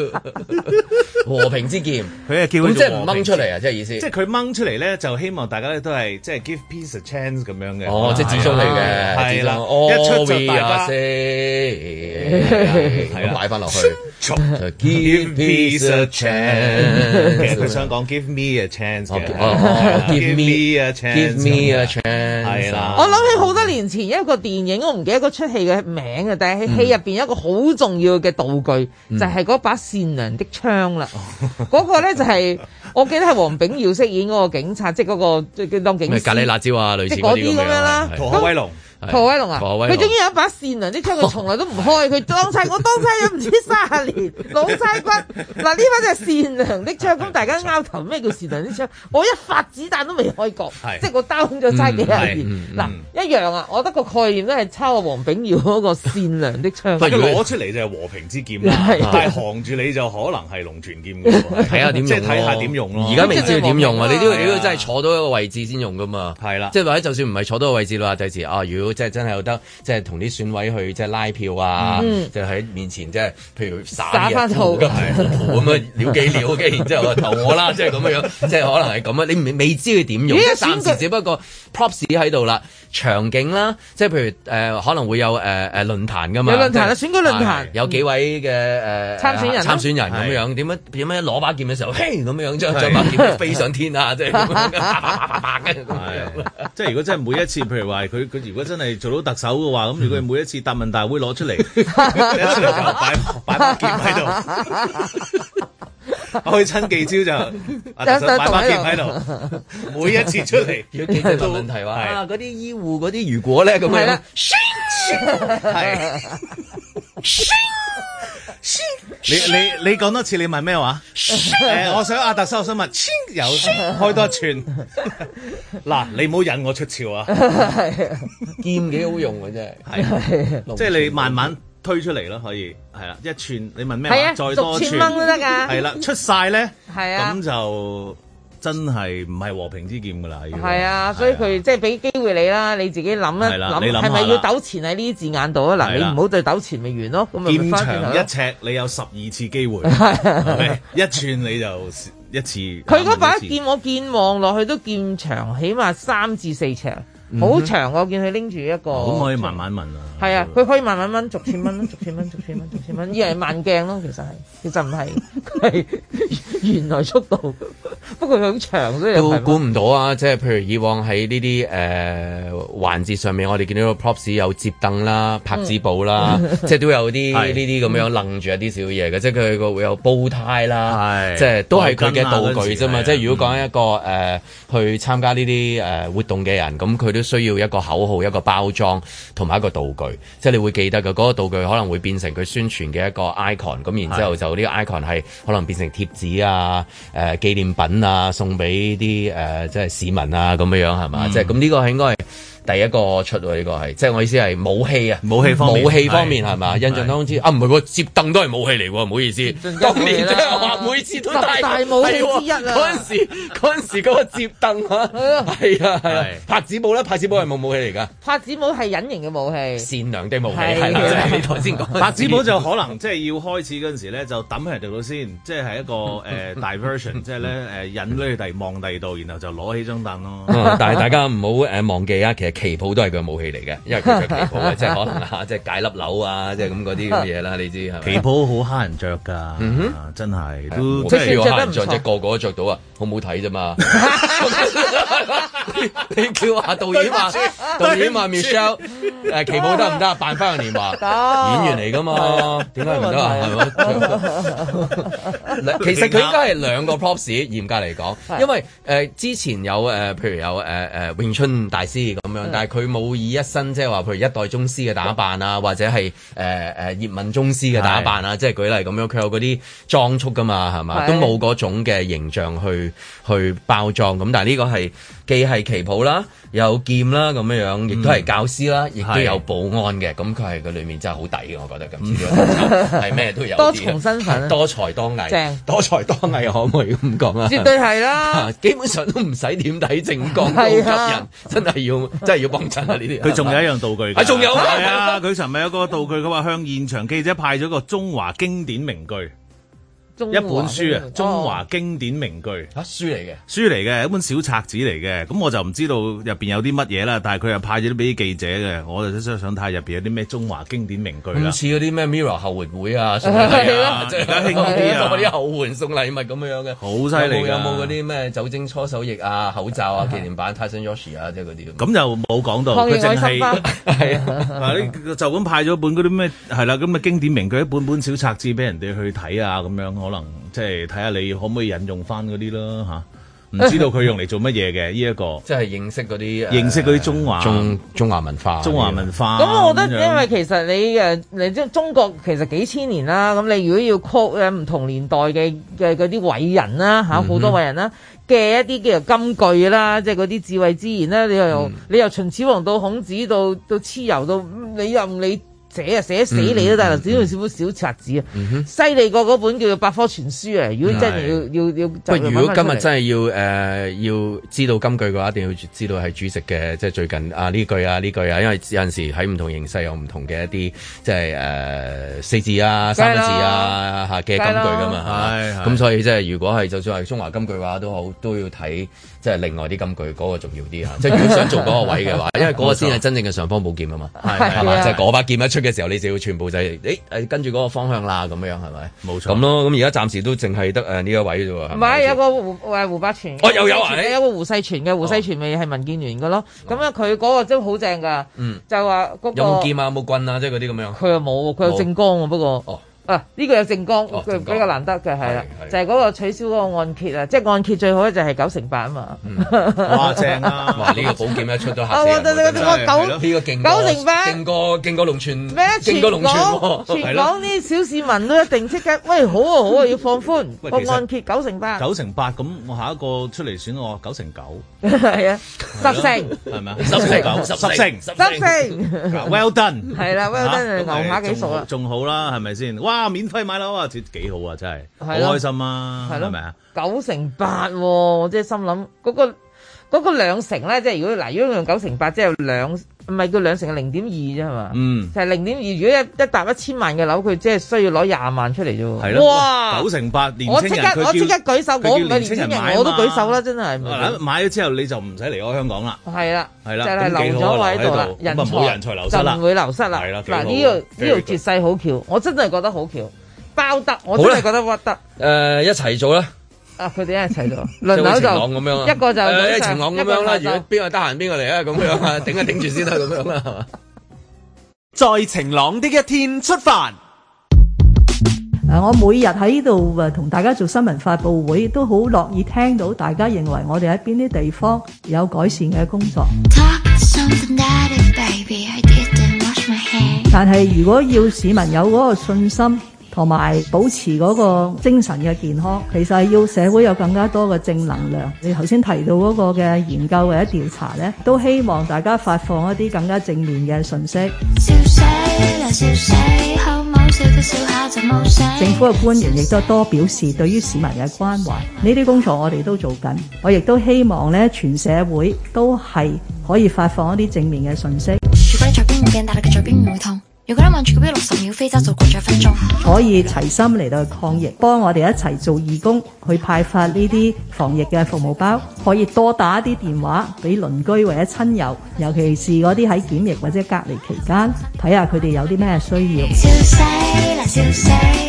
和平之劍。佢係叫佢做和平之劍，天下第一劍定？佢名叫和平之劍。佢叫佢做和平之劍，即係唔掹出嚟啊！即係意思，即係佢掹出嚟咧。就希望大家咧都係即係 give peace a chance 咁樣嘅。哦，即係自梳嚟嘅，係啦，一出就大家係啊，擺翻落去。give peace a chance，其實佢想講 give me a chance give me a chance，give me a chance，係啦。我諗起好多年前一個電影，我唔記得嗰出戲嘅名啊，但係喺戲入邊一個好重要嘅道具就係嗰把善良的槍啦。嗰個咧就係我記得係黃炳耀飾演嗰個警警察即係嗰個，即係當警。咩咖喱辣椒啊，類似嗰啲咁樣啦，啊《逃學是威龍》。嗯何威龍啊，佢終於有一把善良的槍，佢從來都唔開，佢當晒我當差咗唔知三廿年，老差骨，嗱呢把真係善良的槍。咁大家拗頭咩叫善良的槍？我一發子彈都未開過，即係我兜咗差幾廿年嗱，一樣啊。我覺得個概念都係抄阿黃炳耀嗰個善良的槍，攞出嚟就係和平之劍啦，但係行住你就可能係龍泉劍嘅，睇下點，即係睇下點用咯，而家未知道點用啊，你都要真係坐到一個位置先用噶嘛，係啦，即係話咧，就算唔係坐到個位置啦，第時啊即係真係有得，即係同啲選委去即係拉票啊！嗯、就喺面前即係，譬如散嘢，好係，咁啊對，撩幾撩嘅然之後投我啦，即係咁嘅樣，即係可能係咁啊！你未未知佢點用，暫些時只不過 props 喺度啦。場景啦，即係譬如誒、呃、可能會有誒誒、呃、論壇㗎嘛，有論壇啦即係選舉論壇，啊，有幾位嘅誒、呃、參選人、啊、參選人咁樣，點樣點樣攞把劍嘅時候，嘿咁樣將，將把劍飛上天啊，即係咁樣啪啪啪啪啪嘅，即係如，如果真係每一次譬如話佢佢如果真係做到特首嘅話，咁如果佢每一次答問大會攞出嚟， [LAUGHS] 每一次就擺擺把劍喺度。 [LAUGHS] 開親技招就阿達叔把把劍喺度，每一次出嚟要，其實個問題話係啊嗰啲醫護嗰啲如果咧咁樣係，你你你講多次你問咩話？我想阿達叔，我想問，有開多一串。嗱，你唔好引我出潮啊！劍幾好用嘅啫，係，即係你慢慢。推出嚟咯，可以，係啦，一寸你問咩？係啊，再多一寸，六千蚊都得噶。係啦，出晒咧，係啊，咁就真係唔係和平之劍噶啦。係啊，所以佢即係俾機會你啦，你自己諗一諗係咪要糾纏喺呢啲字眼度啊？嗱，你唔好再糾纏咪完咯。劍長一尺，你有十二次機會，一寸你就一次。佢嗰把劍我見望落去都劍長，起碼三至四尺。好、mm hmm. 長我見佢拎住一個，可唔可以慢慢問啊？係啊，佢可以慢慢問，逐千蚊， [LAUGHS] 逐千蚊，逐千蚊，逐千蚊，以為慢鏡咯、啊，其實係，其實唔係，佢係原來速度。不過佢好長，所以都估唔到啊！即、就、係、是、譬如以往喺呢啲誒環節上面，我哋見到 props 有摺凳啦、拍紙簿啦，mm hmm. 即係都有啲呢啲咁樣楞住一啲小嘢嘅，即係佢個會有煲呔啦，即係、mm hmm. 都係佢嘅道具啫嘛。即係的如果講一個誒、呃、去參加呢啲、呃、活動嘅人，咁佢。都需要一個口號、一個包裝同埋一個道具，即係你會記得嘅嗰、那個道具可能會變成佢宣傳嘅一個 icon，咁然之後就呢個 icon 係可能變成貼紙啊、誒、呃、紀念品啊，送俾啲誒即係市民啊咁樣、嗯、咁樣係嘛？即係咁呢個係應該係。第一個出喎，呢個係，即係我意思係武器啊，武器方面，武器方面係嘛？印象當中啊，唔係喎，摺凳都係武器嚟喎，唔好意思。當年真係，每次都帶十大武器之一啊！嗰陣時，嗰時嗰個摺凳，嚇，係啊係啊，拍紙簿咧，拍紙簿係冇武器嚟㗎。拍紙簿係隱形嘅武器，善良嘅武器。你頭先講，拍紙簿就可能即係要開始嗰陣時咧，就抌喺人哋度先，即係係一個誒 diversion，即係咧引到佢哋望第二度，然後就攞起張凳咯。但係大家唔好誒忘記啊，其實。旗袍都係佢武器嚟嘅，因為佢着旗袍啊， [LAUGHS] 即係可能啊，即係解粒紐啊，即係咁嗰啲咁嘅嘢啦，你知係旗袍好蝦人着噶，mm hmm. 真係都即係要蝦人着，即係個個都着到啊，好唔好睇啫嘛？ [LAUGHS] [LAUGHS] 你叫阿導演話，導演話 Michelle 誒旗袍得唔得？扮翻個年華，演員嚟噶嘛？點解唔得啊？係嘛？其實佢應該係兩個 props，嚴格嚟講，因為誒之前有誒，譬如有誒誒詠春大師咁樣，但係佢冇以一身即係話，譬如一代宗師嘅打扮啊，或者係誒誒葉問宗師嘅打扮啊，即係舉例咁樣，佢有嗰啲裝束噶嘛，係嘛？都冇嗰種嘅形象去去包裝。咁但係呢個係既係。係旗袍啦，有劍啦，咁樣樣，亦都係教師啦，亦都有保安嘅。咁佢係佢裏面真係好抵嘅，我覺得咁，係咩 [LAUGHS] 都有，多重身份，多才多藝，正多才多藝，可唔可以咁講啊？絕對係啦，基本上都唔使點睇正裝都吸引，真係要真係要幫襯啊！呢啲佢仲有一樣道具，仲有係啊！佢尋日有個道具，佢話向現場記者派咗個中華經典名句。一本書啊，中華經典名句嚇書嚟嘅，書嚟嘅一本小冊子嚟嘅，咁我就唔知道入邊有啲乜嘢啦。但係佢又派咗俾記者嘅，我就真係想睇入邊有啲咩中華經典名句啦。似嗰啲咩 Mirror 後援會啊，即係多啲啊，多啲後援送禮物咁樣嘅。好犀利，有冇嗰啲咩酒精搓手液啊、口罩啊、紀念版 Tyson Yoshi 啊，即係嗰啲咁。咁就冇講到，佢淨係就咁派咗本嗰啲咩係啦，咁嘅經典名句一本本小冊子俾人哋去睇啊，咁樣。可能即係睇下你可唔可以引用翻嗰啲啦，吓，唔知道佢用嚟做乜嘢嘅呢一個。即係認識嗰啲，認識嗰啲中華、呃、中中華文化，中華文化。咁樣我覺得，因為其實你誒你即係中國其實幾千年啦、啊。咁你如果要 quote 唔同年代嘅嘅嗰啲偉人啦吓，好多偉人啦、啊、嘅、mm hmm. 一啲嘅金句啦、啊，即係嗰啲智慧之言啦。你又、mm hmm. 你由秦始皇到孔子到到蚩尤到你，你又你。寫啊寫死你都得，只少少少小冊子啊，犀利，嗯，過嗰本叫做《百科全書》啊！如果真係要要要，不是如果今日真係要誒要知道金句嘅話，一定要知道係主席嘅即係最近啊呢句啊呢句啊，因為有陣時喺唔同形勢，有唔同嘅一啲即係誒四字啊三字啊嘅金句噶嘛，咁所以即係如果係就算係中華金句話都好都要睇。即係另外啲金句嗰個重要啲啊。即係如果想做嗰個位嘅話，因為嗰個先係真正嘅尚方寶劍啊嘛，係係嘛，即係嗰把劍一出嘅時候，你就要全部就誒跟住嗰個方向啦咁樣，係咪？冇錯，咁咯。咁而家暫時都淨係得誒呢一位啫喎。唔係，有個胡誒胡百全。哦，又有啊，有個胡世全嘅胡世全咪係民建聯嘅咯。咁啊，佢嗰個真係好正㗎。就話嗰個有冇劍啊？有冇棍啊？即係嗰啲咁樣。佢又冇，佢有正光喎。不過。啊！呢個有政綱，佢比較難得嘅係啦，就係嗰個取消嗰個按揭啊，即係按揭最好咧就係九成八啊嘛，哇正啊！哇呢個保險一出都嚇死我真係，呢個勁過勁過勁過農村咩？勁過農村喎，係啦，全港啲小市民都一定即刻。喂，好啊好啊，要放寬個按揭九成八，九成八咁，我下一個出嚟選我九成九，係啊十成係咪啊？十成十成十成，well done，係啦，well done，樓下幾熟啊？仲好啦，係咪先？哇！啊！免費買樓啊，幾好啊，真係、好、開心啊，係咯、係咪啊？九成八、哦，我即係心諗嗰個嗰個兩成咧，即係如果嗱，如果用九成八，即係兩。唔係叫兩成零點二啫係嘛？嗯，就係零點二。如果一一搭一千萬嘅樓，佢即係需要攞廿萬出嚟啫喎。係咯。哇！九成八年青人，我即刻我即刻舉手，我唔係年青人我都舉手啦！真係買咗之後你就唔使離開香港啦。係啦，係啦，咁幾好啦喺度，人才人才流失啦，就唔會流失啦。係啦，嗱，呢個呢個絕世好橋，我真係覺得好橋，包得我真係覺得屈得。誒，一齊做啦！啊！佢哋一齊做輪流就情一,樣一個就喺晴朗咁樣啦。如果邊個得閒邊個嚟啊？咁樣 [LAUGHS] 頂啊，頂一頂住先啦。咁樣啦，係嘛？在晴朗的一天出發。誒、 [MUSIC] 呃，我每日喺呢度誒同大家做新聞發佈會，都好樂意聽到大家認為我哋喺邊啲地方有改善嘅工作。但係如果要市民有嗰個信心。同埋保持嗰個精神嘅健康，其實係要社會有更加多嘅正能量。你頭先提到嗰個嘅研究或者調查咧，都希望大家發放一啲更加正面嘅信息。笑的笑政府嘅官員亦都多表示對於市民嘅關懷，呢啲工作我哋都做緊，我亦都希望咧，全社會都係可以發放一啲正面嘅信息。如果咧望住嗰啲六十秒飛走，就過咗一分鐘。可以齊心嚟到抗疫，幫我哋一齊做義工，去派發呢啲防疫嘅服務包。可以多打啲電話俾鄰居或者親友，尤其是嗰啲喺檢疫或者隔離期間，睇下佢哋有啲咩需要。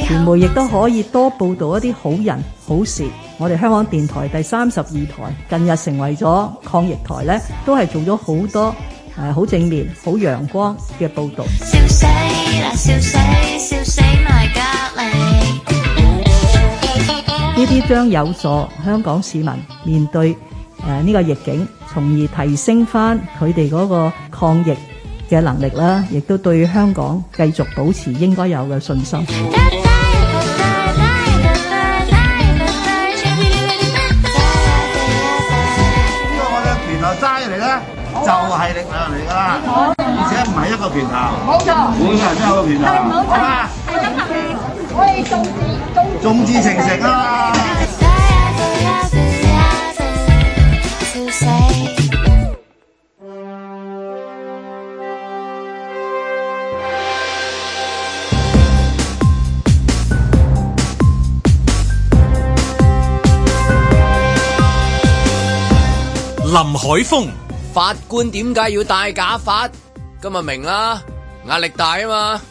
傳媒亦都可以多報導一啲好人好事。我哋香港電台第三十二台近日成為咗抗疫台咧，都係做咗好多。好正面、好陽光嘅報導。笑死啦！笑死！笑死埋隔離。呢啲將有助香港市民面對誒呢個逆境，從而提升翻佢哋嗰個抗疫嘅能力啦，亦都對香港繼續保持應該有嘅信心。個拳頭，冇錯，冇錯，真係個拳頭，係嘛？係真嘅，我哋眾志眾志成城啊！林海峰法官，點解要戴假髮？今日明啦，壓力大啊嘛。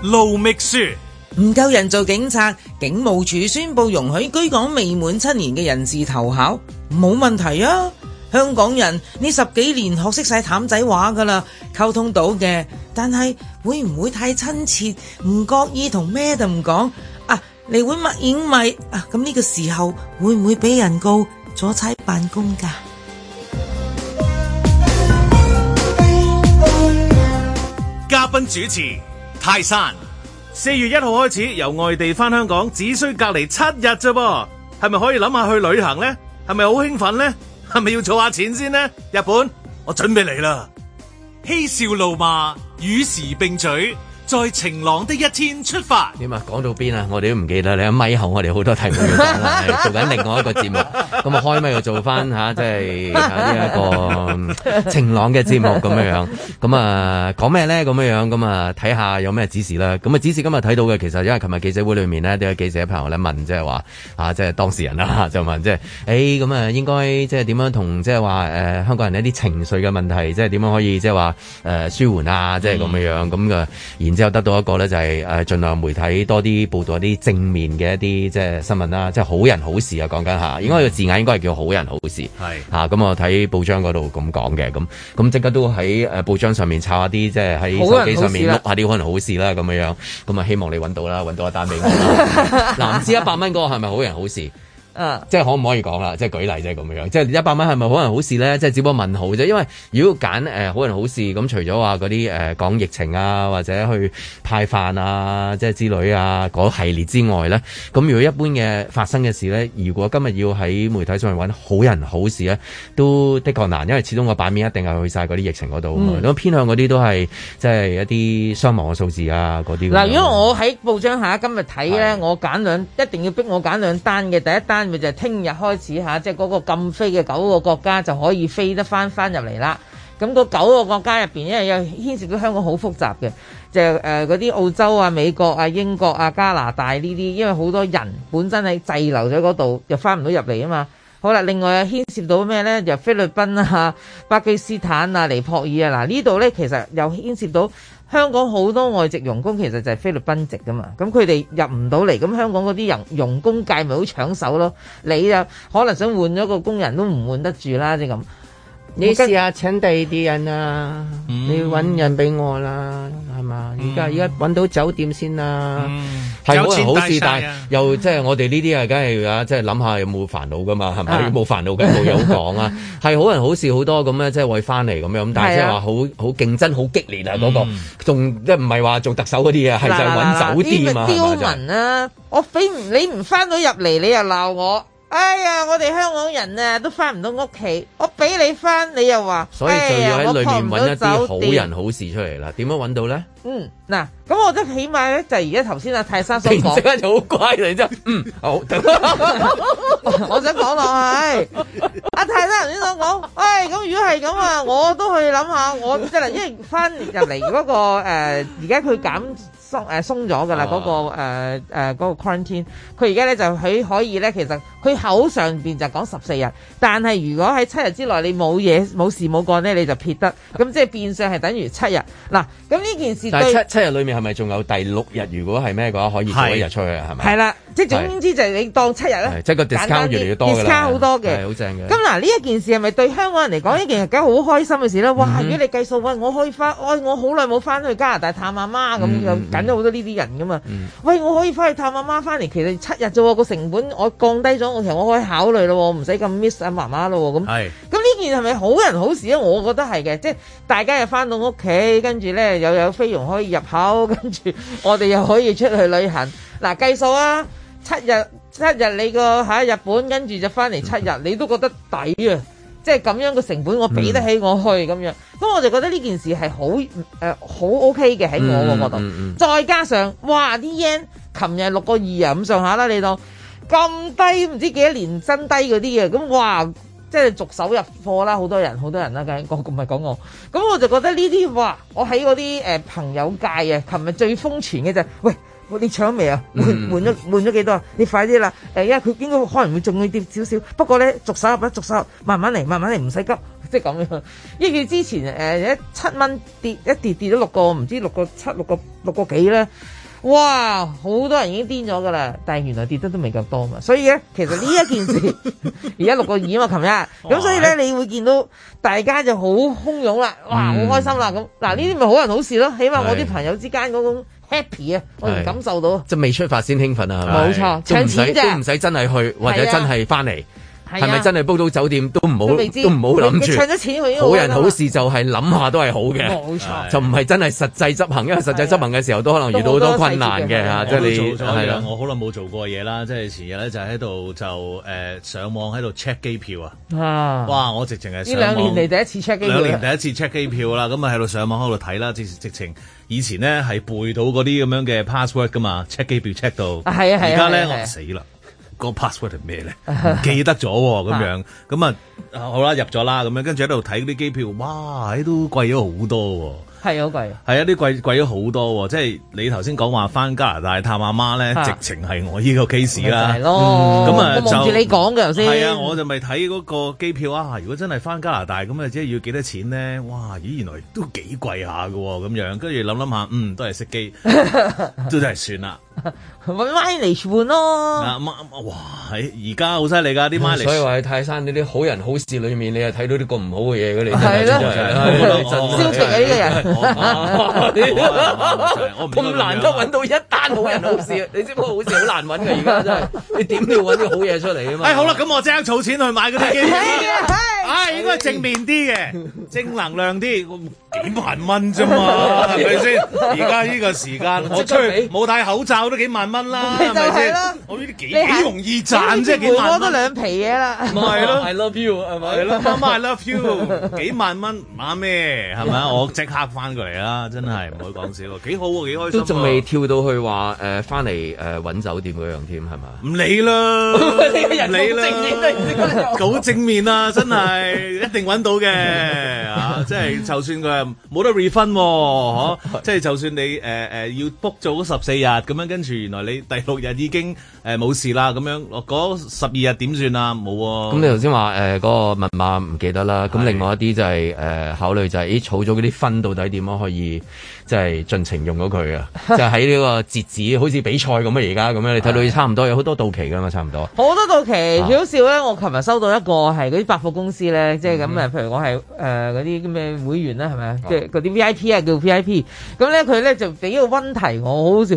盧覓雪唔夠人做警察，警務處宣布容許居港未滿七年嘅人士投考，冇問題啊。香港人呢十幾年學識晒淡仔話噶啦，溝通到嘅，但係會唔會太親切？唔覺意同咩都唔講啊？你會默影咪啊？咁呢個時候會唔會俾人告？左踩辦公架，嘉賓主持泰山。四月一號開始由外地翻香港，只需隔離七日啫噃，係咪可以諗下去旅行咧？係咪好興奮咧？係咪要儲下錢先呢？日本，我準備嚟啦！嬉笑怒罵，與時並取。在晴朗的一天出發。點啊？講到邊啊？我哋都唔記得。你一咪後，我哋好多題目要講啦， [LAUGHS] 做緊另外一個節目。咁啊， [LAUGHS] 開咪又做翻吓，即係呢一個晴朗嘅節目咁樣樣。咁啊，講咩咧？咁樣樣。咁啊，睇下有咩指示啦。咁啊，指示今日睇到嘅，其實因為琴日記者會裏面咧，都有記者朋友咧問，即係話啊，即係當事人啦、啊，就問即係誒咁啊，欸、應該即係點樣同即係話誒香港人一啲情緒嘅問題，即係點樣可以即係話誒舒緩啊，即係咁樣樣。咁嘅、嗯，然之又得到一個咧，就係誒，儘量媒體多啲報導一啲正面嘅一啲即係新聞啦，即係好人好事啊，講緊嚇，應該個字眼應該係叫好人好事，係嚇。咁我睇報章嗰度咁講嘅，咁咁即刻都喺誒報章上面查下啲即係喺手機上面碌下啲可能好事啦、啊，咁樣樣，咁啊希望你揾到啦，揾到一單俾我，嗱、 [LAUGHS] 啊，唔知一百蚊嗰個係咪好人好事？啊！即係可唔可以講啦？即係舉例即係咁樣，即係一百蚊係咪好人好事呢？即係只不過問號啫。因為如果揀誒、呃、好人好事咁，那除咗話嗰啲誒講疫情啊，或者去派飯啊，即係之類啊嗰系列之外呢，咁如果一般嘅發生嘅事呢，如果今日要喺媒體上面揾好人好事呢，都的確難，因為始終個版面一定係去晒嗰啲疫情嗰度啊嘛。咁偏向嗰啲都係即係一啲傷亡嘅數字啊嗰啲。嗱，如果我喺報章下今日睇呢，是我揀兩一定要逼我揀兩單嘅第一單。咪就係聽日開始吓，即係嗰個禁飛嘅九個國家就可以飛得翻翻入嚟啦。咁個九個國家入邊，因為又牽涉到香港好複雜嘅，就誒嗰啲澳洲啊、美國啊、英國啊、加拿大呢啲，因為好多人本身喺滯留咗嗰度，又翻唔到入嚟啊嘛。好啦，另外啊，牽涉到咩呢？就菲律賓啊、巴基斯坦啊、尼泊爾啊。嗱呢度呢，其實又牽涉到。香港好多外籍傭工其實就係菲律賓籍㗎嘛，咁佢哋入唔到嚟，咁香港嗰啲人傭工界咪好搶手咯，你又可能想換咗個工人都唔換得住啦，即係咁。你試下請第二啲人啊！你要搵人俾我啦，係嘛？而家而家揾到酒店先啦。係好人好事，但又即係我哋呢啲啊，梗係啊，即係諗下有冇煩惱噶嘛？係咪？冇煩惱梗冇嘢好講啊！係好人好事好多咁咧，即係為翻嚟咁樣。但係即係話好好競爭好激烈啊。嗰個仲即係唔係話做特首嗰啲啊？係就係揾酒店啊！刁民啊！我俾你唔翻到入嚟，你又鬧我。哎呀，我哋香港人啊，都翻唔到屋企。我俾你翻，你又話，哎、所以就要喺裏面揾一啲好人好事出嚟啦。點樣揾到咧？嗯，嗱。咁我即起碼咧，就而家頭先阿泰山所講，而家就好乖嚟啫。嗯，好，等 [LAUGHS] 我，我想講落去。阿、 [LAUGHS] 啊、泰山頭先所講，喂，咁、哎、如果係咁啊，我都去諗下，我即係嗱，因為翻入嚟嗰個而家佢減鬆誒鬆咗㗎啦，嗰、啊那個誒嗰、呃那個 quarantine 佢而家咧就佢可以咧，其實佢口上面就講十四日，但係如果喺七日之內你冇嘢冇事冇幹咧，你就撇得，咁即係變相係等於七日。嗱，咁呢件事第七七日裏面。係咪仲有第六日？如果係咩嘅話，可以做一日出去啊係咪？係啦是。吧即係總之，就係你當七日咧、嗯，即係個 discount 越嚟越多啦。discount 好多嘅，好正嘅。咁嗱，呢一件事係咪對香港人嚟講呢件梗係好開心嘅事咧？嗯、哇！如果你計數，喂，我可以翻，我好耐冇翻去加拿大探阿媽，咁就揀咗好多呢啲人噶嘛。喂，我可以翻去探阿媽，媽，翻嚟其實七日啫喎，個、嗯、成本我降低咗，我其實我可以考慮咯，唔使咁 miss 阿媽媽咯。咁，係是。咁呢件係咪好人好事咧？我覺得係嘅，即係大家又翻到屋企，跟住咧又有菲傭可以入口，跟住我哋又可以出去旅行。嗱，計數啊！七日七日，你個喺日本跟住就翻嚟七日，你都覺得抵啊！即係咁樣個成本，我俾得起我去咁、mm hmm. 樣。咁我就覺得呢件事係好誒好 OK 嘅喺我個度。Mm hmm. 再加上哇，啲 yen 琴日六個二啊咁上下啦，你講咁低唔知幾多年新低嗰啲嘅，咁哇即係逐手入貨啦，好多人好多人啦，梗係講唔係講我。咁我，我就覺得呢啲哇，我喺嗰啲朋友界啊，琴日最瘋傳嘅就係、是、喂。你搶未啊？換咗換咗幾多啊？你快啲啦！誒，因為佢應該可能會仲會跌少少，不過咧逐手入啦，逐手入，慢慢嚟，慢慢嚟，唔使急，即係咁樣。因為之前誒一、呃、七蚊跌一跌跌咗六個唔知六個七六個六個幾咧，哇！好多人已經癲咗噶啦，但原來跌得都未咁多嘛，所以咧其實呢一件事而家 [LAUGHS] 六個二啊嘛，琴日咁所以咧 [LAUGHS] 你會見到大家就好洶湧啦，哇！好開心啦咁嗱，呢啲咪好人好事咯，起碼我啲朋友之間嗰種。happy 啊，我哋感受到即係未出發先興奮啊，係咪？冇錯，都唔使都唔使真係去，或者真係翻嚟。係咪真係 book 到酒店都唔好，都唔好諗住。好人好事就係諗下都係好嘅，冇錯。就唔係真係實際執行，因為實際執行嘅時候都可能遇到好多困難嘅。即係你係啦，我好耐冇做過嘢啦。即係前日咧就喺度就誒上網喺度 check 機票啊！哇！我直情係呢兩年嚟第一次 check 機票，兩年第一次 check 機票啦。咁啊喺度上網喺度睇啦，直情以前呢，係背到嗰啲咁樣嘅 password 噶嘛，check 機票 check 到。係啊，係啊，而家咧我死啦！個 password 係咩咧？記 [LAUGHS] 記得咗咁樣，咁啊 [LAUGHS] 好啦，入咗啦咁樣，跟住喺度睇嗰啲機票，哇！都貴咗好多，係好 [LAUGHS] 貴，係啊，啲貴貴咗好多，即係你頭先講話翻加拿大探阿媽咧， [LAUGHS] 直情係我呢個 case 啦，咁啊、 [LAUGHS] 嗯、就你講嘅頭先，係啊，我就咪睇嗰個機票啊，如果真係翻加拿大咁啊，即係要幾多錢咧？哇！咦，原來都幾貴下喎！咁樣，跟住諗諗下，嗯，都係熄機， [LAUGHS] 都真係算啦。買米嚟換咯嗱，哇、嗯！而家好犀利噶啲米，所以話喺泰山呢啲好人好事裏面，你係睇到啲咁唔好嘅嘢嘅，你真係，消極嘅呢個人，咁難得揾到一單好人好事，你知唔知好事好難揾嘅？而家真係，你點都要揾啲好嘢出嚟啊嘛！ [LAUGHS] 哎，好啦，咁我即刻儲錢去買嗰啲機器。Hey, hey 啊，應該正面啲嘅，正能量啲，幾萬蚊啫嘛，係咪先？而家呢個時間，我出去冇戴口罩都幾萬蚊啦，係咪先？我呢啲幾幾容易賺，即係幾萬蚊。我都兩皮嘢啦，唔係咯。I love you 係咪？媽媽，I love you，幾萬蚊唔啱咩？係咪啊？我即刻翻過嚟啦，真係唔可以講少，幾好幾開心。都仲未跳到去話誒翻嚟誒揾酒店嗰樣添係咪？唔理啦，你個人好正面都唔知。好正面啊，真係～係一定揾到嘅，即係、 [LAUGHS] 啊就是、就算佢係冇得 refund，嗬、哦，即係、 [LAUGHS] 啊就是、就算你誒誒、呃呃、要 book 做嗰十四日咁樣，跟住原來你第六日已經誒冇、呃、事啦，咁樣嗰十二日點算啊？冇、啊。咁你頭先話誒嗰個密碼唔記得啦，咁另外一啲就係、是、誒、呃、考慮就係、是、咦，儲咗嗰啲分到底點樣可以？就係盡情用咗佢啊！就喺、是、呢個截止， [LAUGHS] 好似比賽咁啊！而家咁樣，你睇到差唔多 [LAUGHS] 有好多到期㗎嘛，差唔多好多到期。啊、好笑咧！我琴日收到一個係嗰啲百貨公司咧，即係咁譬如我係誒嗰啲咩會員啦，係咪啊？即係嗰啲 V I P 啊，叫 V I P。咁咧佢咧就俾個溫提我，好笑。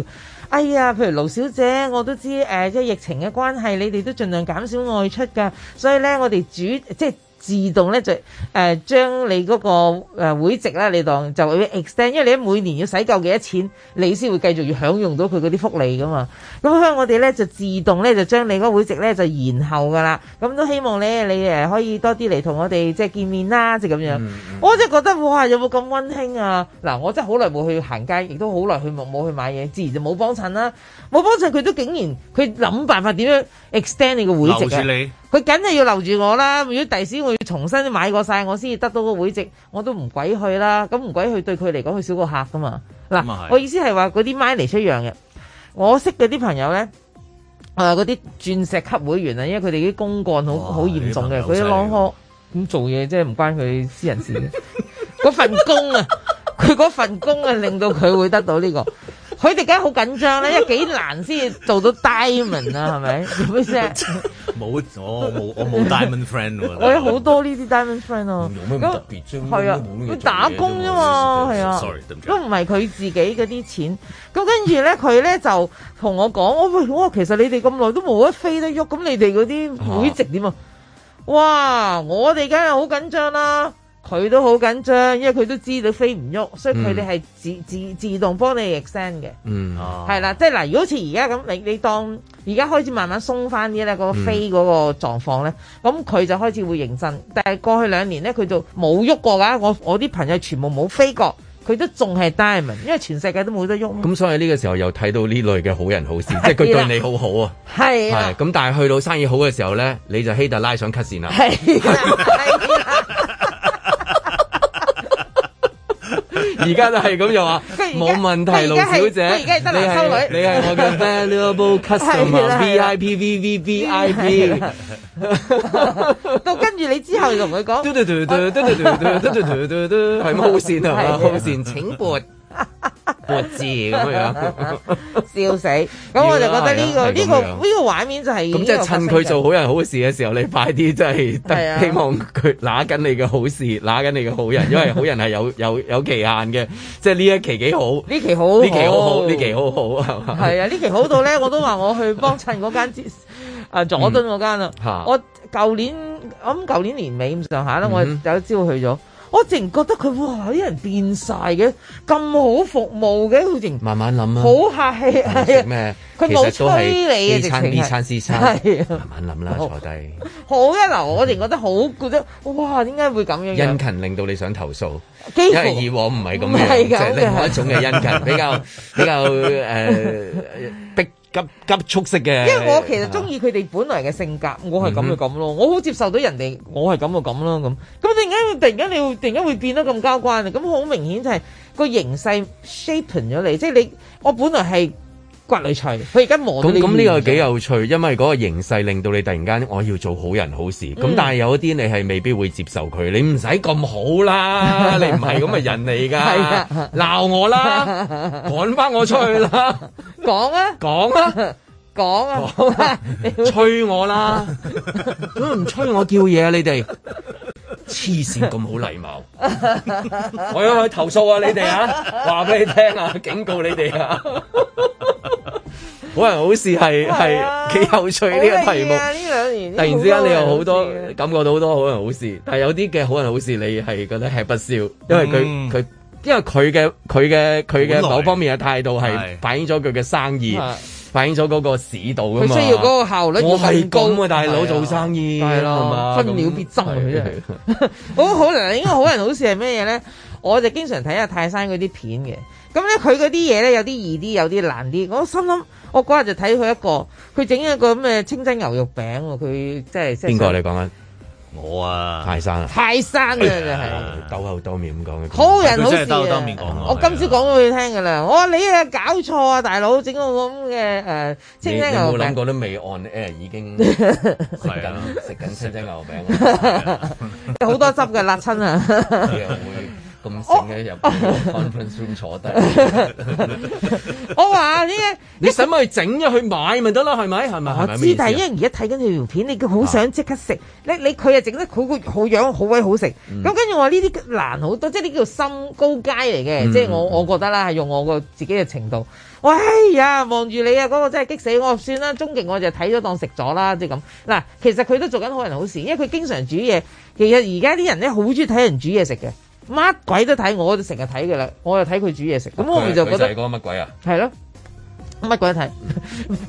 哎呀，譬如盧小姐，我都知即係、呃、疫情嘅關係，你哋都盡量減少外出㗎。所以咧，我哋主即係自動咧就誒、呃、將你嗰、嗰個誒、呃、會籍啦，你當就去 extend，因為你每年要使夠幾多錢，你先會繼續要享用到佢嗰啲福利噶嘛。咁香我哋咧就自動咧就將你嗰會籍咧就延後噶啦。咁都希望咧你，你可以多啲嚟同我哋即係見面啦，即係咁樣。嗯嗯、我真係覺得哇，有冇咁温馨啊！嗱，我真係好耐冇去行街，亦都好耐去冇冇去買嘢，自然就冇幫襯啦。冇幫襯佢都竟然佢諗辦法點樣 extend 你個會籍啊！佢梗係要留住我啦！如果第時我要重新買過晒，我先至得到個會籍，我都唔鬼去啦！咁唔鬼去對佢嚟講，佢少個客噶嘛？嗱，我意思係話嗰啲買嚟出樣嘅。我識嗰啲朋友咧，誒、呃，嗰啲鑽石級會員啊，因為佢哋啲公幹好好嚴重嘅，佢啲朗科咁做嘢，即係唔關佢私人事嘅。嗰 [LAUGHS] 份工啊，佢嗰份工啊，令到佢會得到呢、這個。佢哋梗係好緊張啦，因為幾難先做到 diamond 啊，係咪？冇，我冇，我冇 diamond friend，我有好多呢啲 diamond friend 啊。咁特別將係啊，佢打工啫嘛，係啊，都唔係佢自己嗰啲錢。咁跟住咧，佢咧就同我講，喂，我其實你哋咁耐都冇得飛得喐，咁你哋嗰啲會值點啊？哇！我哋梗係好緊張啦。佢都好緊張，因為佢都知道你飛唔喐，所以佢哋係自自自動幫你 extend 嘅。嗯，哦，係啦，即係嗱，如果好似而家咁，你你當而家開始慢慢鬆翻啲咧，嗰個飛嗰個狀況咧，咁佢就開始會認真。但係過去兩年咧，佢就冇喐過㗎。我我啲朋友全部冇飛過，佢都仲係 diamond，因為全世界都冇得喐。咁所以呢個時候又睇到呢類嘅好人好事，即係佢對你好好啊。係啊，咁但係去到生意好嘅時候咧，你就希特拉上 cut 線啦。係而家都係咁又話，冇問題，盧小姐，你係你係我嘅 valuable customer，VIP，VVVIP，到跟住你之後，你同佢講，係號線啊，號線請撥。搏字咁樣，笑死！咁我就覺得呢個呢個呢個畫面就係咁，即係趁佢做好人好事嘅時候，你快啲真係，希望佢拿緊你嘅好事，拿緊你嘅好人，因為好人係有有有期限嘅，即係呢一期幾好，呢期好，呢期好好，呢期好好，係啊，呢期好到咧，我都話我去幫襯嗰間啊佐敦嗰間啦，我舊年我諗舊年年尾咁上下啦，我有一朝去咗。我淨覺得佢哇啲人變曬嘅，咁好服務嘅，佢仲慢慢諗啊，好客氣啊，食咩？佢冇催你啊，食咩？係慢慢諗啦，坐低好嘅嗱，我淨覺得好攰啫，哇！點解會咁樣？殷勤令到你想投訴，因為以往唔係咁樣，係另外一種嘅殷勤，比較比較誒逼。急急速式嘅，因為我其實中意佢哋本來嘅性格，我係咁就咁咯，我好接受到人哋，我係咁就咁啦，咁咁點解突然間你會突然間會變得咁交關啊？咁好明顯就係個形勢 shape 咗你，即係你我本來係。骨嚟吹，佢而家望到你。咁咁呢個幾有趣，因為嗰個形勢令到你突然間我要做好人好事。咁但係有一啲你係未必會接受佢，你唔使咁好啦，你唔係咁嘅人嚟㗎。鬧我啦，趕翻我出去啦，講啊，講啊，講啊，吹我啦，做乜唔吹我叫嘢啊？你哋。黐線咁好禮貌，我要去投訴啊！你哋啊，話俾你聽啊，警告你哋啊！好人好事係係幾有趣呢個題目。呢兩年突然之間，你有好多感覺到好多好人好事，但係有啲嘅好人好事，你係覺得吃不消，因為佢佢因為佢嘅佢嘅佢嘅某方面嘅態度係反映咗佢嘅生意。反映咗嗰個市道噶嘛，佢需要嗰個效率，我係高啊大佬，啊、做生意係咯，了分秒這樣 必爭、啊。我覺得好多人，應該好人好事係咩嘢咧？我就經常睇下泰山嗰啲片嘅。咁咧，佢嗰啲嘢咧有啲易啲，有啲難啲。我心諗，我嗰日就睇佢一個，佢整一個咁嘅清真牛肉餅喎。佢即係邊個你講緊？我啊，泰山啊，泰山啊、就是，就係兜口兜面咁講嘅，好人好事啊，面我，啊我今朝講咗佢聽㗎啦，我話、啊哦、你啊搞錯啊，大佬整個咁嘅清蒸牛，有冇諗過，都未 on air，誒已經食緊食緊清蒸牛餅有、啊、好 [LAUGHS] [LAUGHS] 多汁嘅辣親啊。 [LAUGHS] [LAUGHS] 咁嘅入我成日坐低，我話呢，你使咪去整咗去買咪得啦？係咪？ [LAUGHS] 係咪？我知，但係因為而家睇緊條片，你、想、啊、你好想即刻食。你你佢又整得佢個好樣好鬼好食。咁跟住我話呢啲難好多，即係呢叫心高階嚟嘅。即係、嗯、我我覺得啦，係用我個自己嘅程度。嗯、我哎呀，望住你啊！嗰、嗰個真係激死我，我話算啦，終極我就睇咗當食咗啦，即係咁。嗱，其實佢都做緊好人好事，因為佢經常煮嘢。其實而家啲人咧好中意睇人煮嘢食嘅。乜鬼都睇，我都成日睇噶啦，我又睇佢煮嘢食。咁我咪就覺得乜鬼啊？係咯，乜鬼都睇。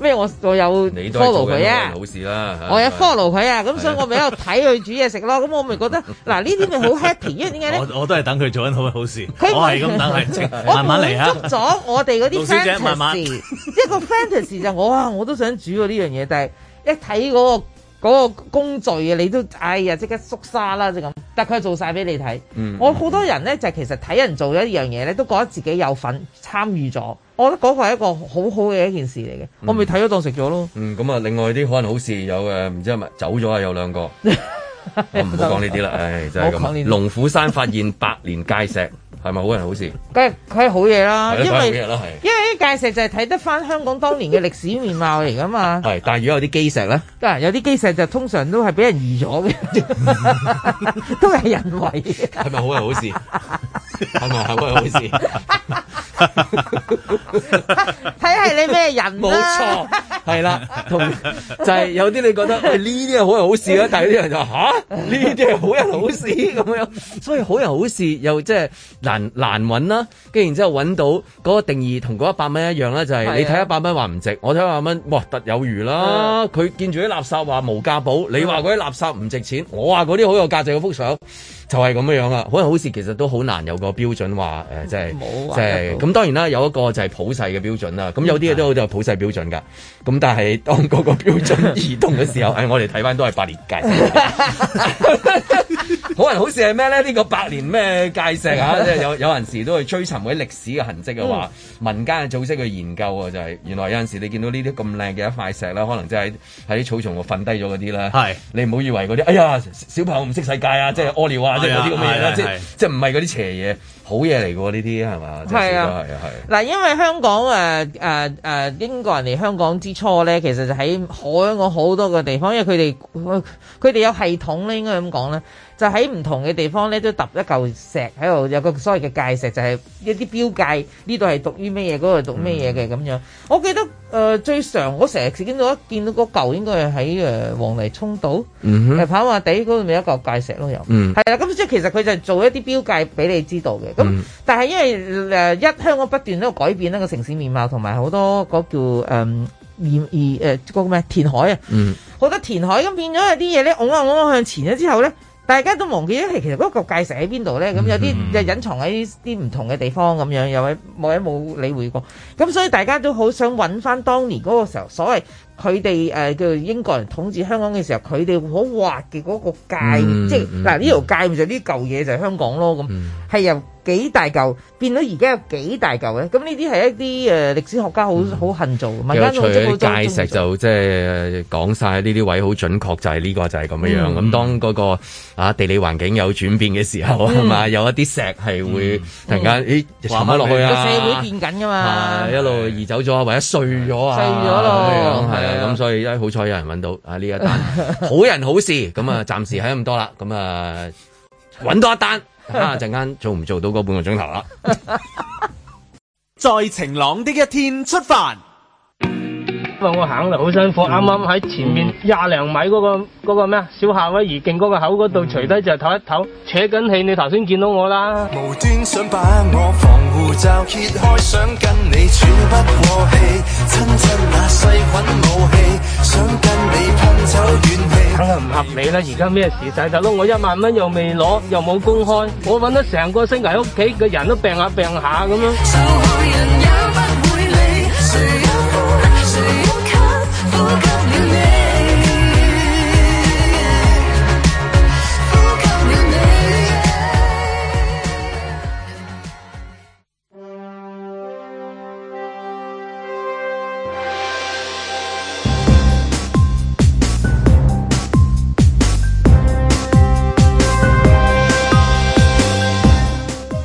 咩我我有 follow 佢啊？好事啦，我有 follow 佢啊，咁的所以我咪喺度睇佢煮嘢食咯。咁 [LAUGHS] 我咪覺得嗱、 [LAUGHS] 啊、呢啲咪好 happy，因為點解咧？我我都係等佢做緊好好事。 [LAUGHS] 我係咁等係 [LAUGHS] 慢慢嚟啊、就是！我滿足咗我哋嗰啲 fantasy 即係個 fantasy 就我啊，我都想煮過呢樣嘢，但係一睇嗰、那個。嗰個工序嘅，你都哎呀，即刻縮沙啦即咁，但佢做晒俾你睇。嗯、我好多人咧就其實睇人做一樣嘢咧，都覺得自己有份參與咗。我覺得嗰個係一個好好嘅一件事嚟嘅。嗯、我咪睇咗當食咗咯。嗯，咁啊，另外啲可能好事有誒，唔知係咪走咗啊？有兩個， [LAUGHS] 我唔好講呢啲啦。唉，就係咁啊！龍虎山發現百年界石。 [LAUGHS] 係咪好人好事？梗係佢係好嘢啦，的因為因為啲界石就係睇得翻香港當年嘅歷史面貌嚟噶嘛。係，但係如果有啲基石咧，有啲基石就通常都係俾人移咗嘅， [LAUGHS] 都係人為。係咪好人好事？係咪 [LAUGHS] 好人好事？睇下 [LAUGHS] [LAUGHS] 你咩人冇、啊、錯，係啦，同就係有啲你覺得喂呢啲係好人好事啦，但係啲人就吓呢啲係好人好事咁樣，所以好人好事又即、就、係、是。難難揾啦，跟然之後揾到嗰個定義同嗰一百蚊一樣啦。就係、是、你睇一百蚊話唔值，啊、我睇一百蚊哇特有餘啦！佢、啊、見住啲垃圾話無價寶，啊、你話嗰啲垃圾唔值錢，我話嗰啲好有價值嘅幅相。就係咁嘅樣啊！好人好事其實都好難有個標準話誒，即係即係咁，當然啦，有一個就係普世嘅標準啦。咁有啲嘢都好有普世標準噶。咁但係當嗰個標準移動嘅時候，誒我哋睇翻都係百年計。好人好事係咩咧？呢個百年咩界石啊？即係有有陣時都去追尋嗰啲歷史嘅痕跡嘅話，民間嘅組織去研究，就係原來有陣時你見到呢啲咁靚嘅一塊石啦，可能即係喺啲草叢度瞓低咗嗰啲啦。係你唔好以為嗰啲，哎呀小朋友唔識世界啊，即係屙尿啊！即係嗰啲咁嘅嘢啦，即係即係唔係嗰啲邪嘢。好嘢嚟㗎喎！呢啲係嘛？係啊，係啊，係。嗱，因為香港誒誒誒英國人嚟香港之初咧，其實就喺海，香港好多個地方，因為佢哋佢哋有系統咧，應該咁講咧，就喺唔同嘅地方咧都揼一嚿石喺度，pile, 有個所謂嘅界石，就係、是、一啲標界。呢度係讀於咩嘢，嗰度讀咩嘢嘅咁樣。我記得誒、呃、最常我成日見到一見到嗰嚿應該係喺誒黃泥涌道，誒跑馬地嗰度咪一嚿界石囉又、嗯，嗯，係啦。咁即係其實佢就做一啲標界俾你知道嘅。咁，嗯、但係因為誒一、呃、香港不斷都改變呢、呢個城市面貌，同埋好多嗰叫誒、嗯、而而誒嗰個咩填海啊，好、嗯、多填海咁變咗有啲嘢咧，拱啊拱啊向前咗之後咧，大家都忘記咗其實嗰個界石喺邊度咧。咁有啲就、嗯、隱藏喺啲唔同嘅地方咁樣，又冇人冇理會過。咁所以大家都好想搵翻當年嗰個時候，所謂佢哋、呃、叫做英國人統治香港嘅時候，佢哋所畫嘅嗰個界，即係嗱呢條界就呢嚿嘢就係、是這個、香港咯。咁係、嗯、由幾大嚿變到而家有幾大嚿咧？咁呢啲係一啲誒歷史學家好好恨做，民間組織好多。有界石就即係講晒呢啲位好準確，就係呢個就係咁樣樣。咁當嗰個啊地理環境有轉變嘅時候，係嘛有一啲石係會突然間咦沉咗落去啊？個社會變緊噶嘛？係一路移走咗，或者碎咗啊？碎咗咯，係啊咁，所以一好彩有人揾到啊呢一單好人好事。咁啊，暫時喺咁多啦。咁啊，揾多一單。睇下陣間做唔做到嗰半個鐘頭啦！在晴朗的一天出發。因為我行落好辛苦，啱啱喺前面廿零米嗰，那個、嗯那個咩啊、那個，小夏威夷徑嗰個口嗰度，除低，嗯、就唞一唞，扯緊氣。你頭先見到我啦，無端想把我防護罩揭開，想跟你喘不過氣，親親那細菌武器，想跟你噴酒遠氣，梗係唔合理啦！而家咩事？仔就攞我一萬蚊又未攞，又冇公開，我搵咗成個星期屋企個人都病下病下咁咯。呼吸了你，呼吸了你。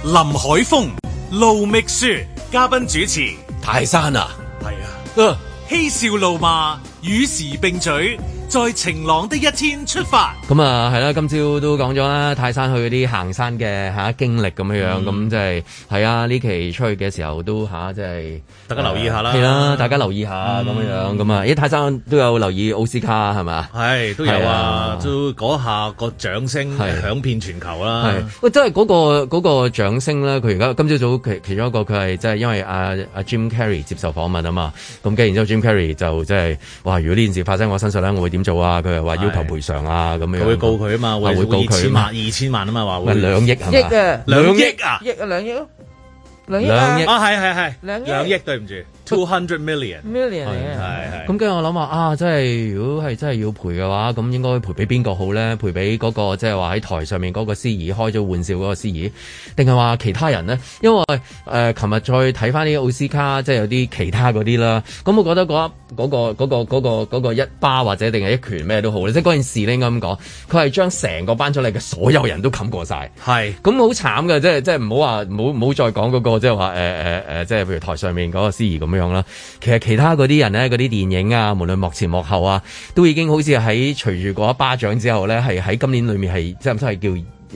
林海峰、盧覓雪，嘉賓主持。泰山啊，係啊。啊嬉笑怒罵，與時並舉。在晴朗的一天出發。咁啊，係啦、啊，今朝都講咗啦，泰山去嗰啲行山嘅吓經歷咁、嗯、樣樣、就是，咁即係係啊，呢期出去嘅時候都吓，即、啊、係、就是、大家留意一下啦，係啦、啊啊，大家留意一下咁樣、嗯、樣，咁啊，咦，泰山都有留意奧斯卡係咪啊，係都有啊，都嗰、啊、下個掌聲響遍全球啦、啊。喂，真係嗰個嗰、嗰個掌聲咧，佢而家今朝早其其中一個佢係即係因為阿、啊、阿、啊、Jim Carrey 接受訪問啊嘛，咁既然之後 Jim Carrey 就即、就、係、是、哇，如果呢件事發生我身上咧，我會點。做啊，佢又話要求賠償啊，咁樣會告佢啊嘛，會告佢二千萬二千萬啊嘛，話會兩億係嘛，億啊兩億啊，億啊兩億，兩億啊係係係兩億，兩億對唔住。Two hundred million million 係嘅，咁跟住我諗話啊，即係如果係真係要賠嘅話，咁應該賠俾邊個好咧？賠俾嗰個即係話喺台上面嗰個司儀開咗玩笑嗰個司儀，定係話其他人咧？因為誒琴日再睇翻啲奧斯卡，C、Car，即係有啲其他嗰啲啦。咁我覺得嗰個嗰個嗰個嗰個嗰個嗰個嗰個一巴或者定係一拳咩都好，即係嗰件事咧應該咁講，佢係將成個班出嚟嘅所有人都冚過晒，係是，咁好慘嘅，即係即係唔好話唔好唔好再講嗰個即係話誒誒誒即係譬如台上面嗰個司儀咁。咁樣啦，其實其他嗰啲人咧，嗰啲電影啊，無論幕前幕後啊，都已經好似喺隨住嗰一巴掌之後咧，係喺今年裏面係，即係唔係叫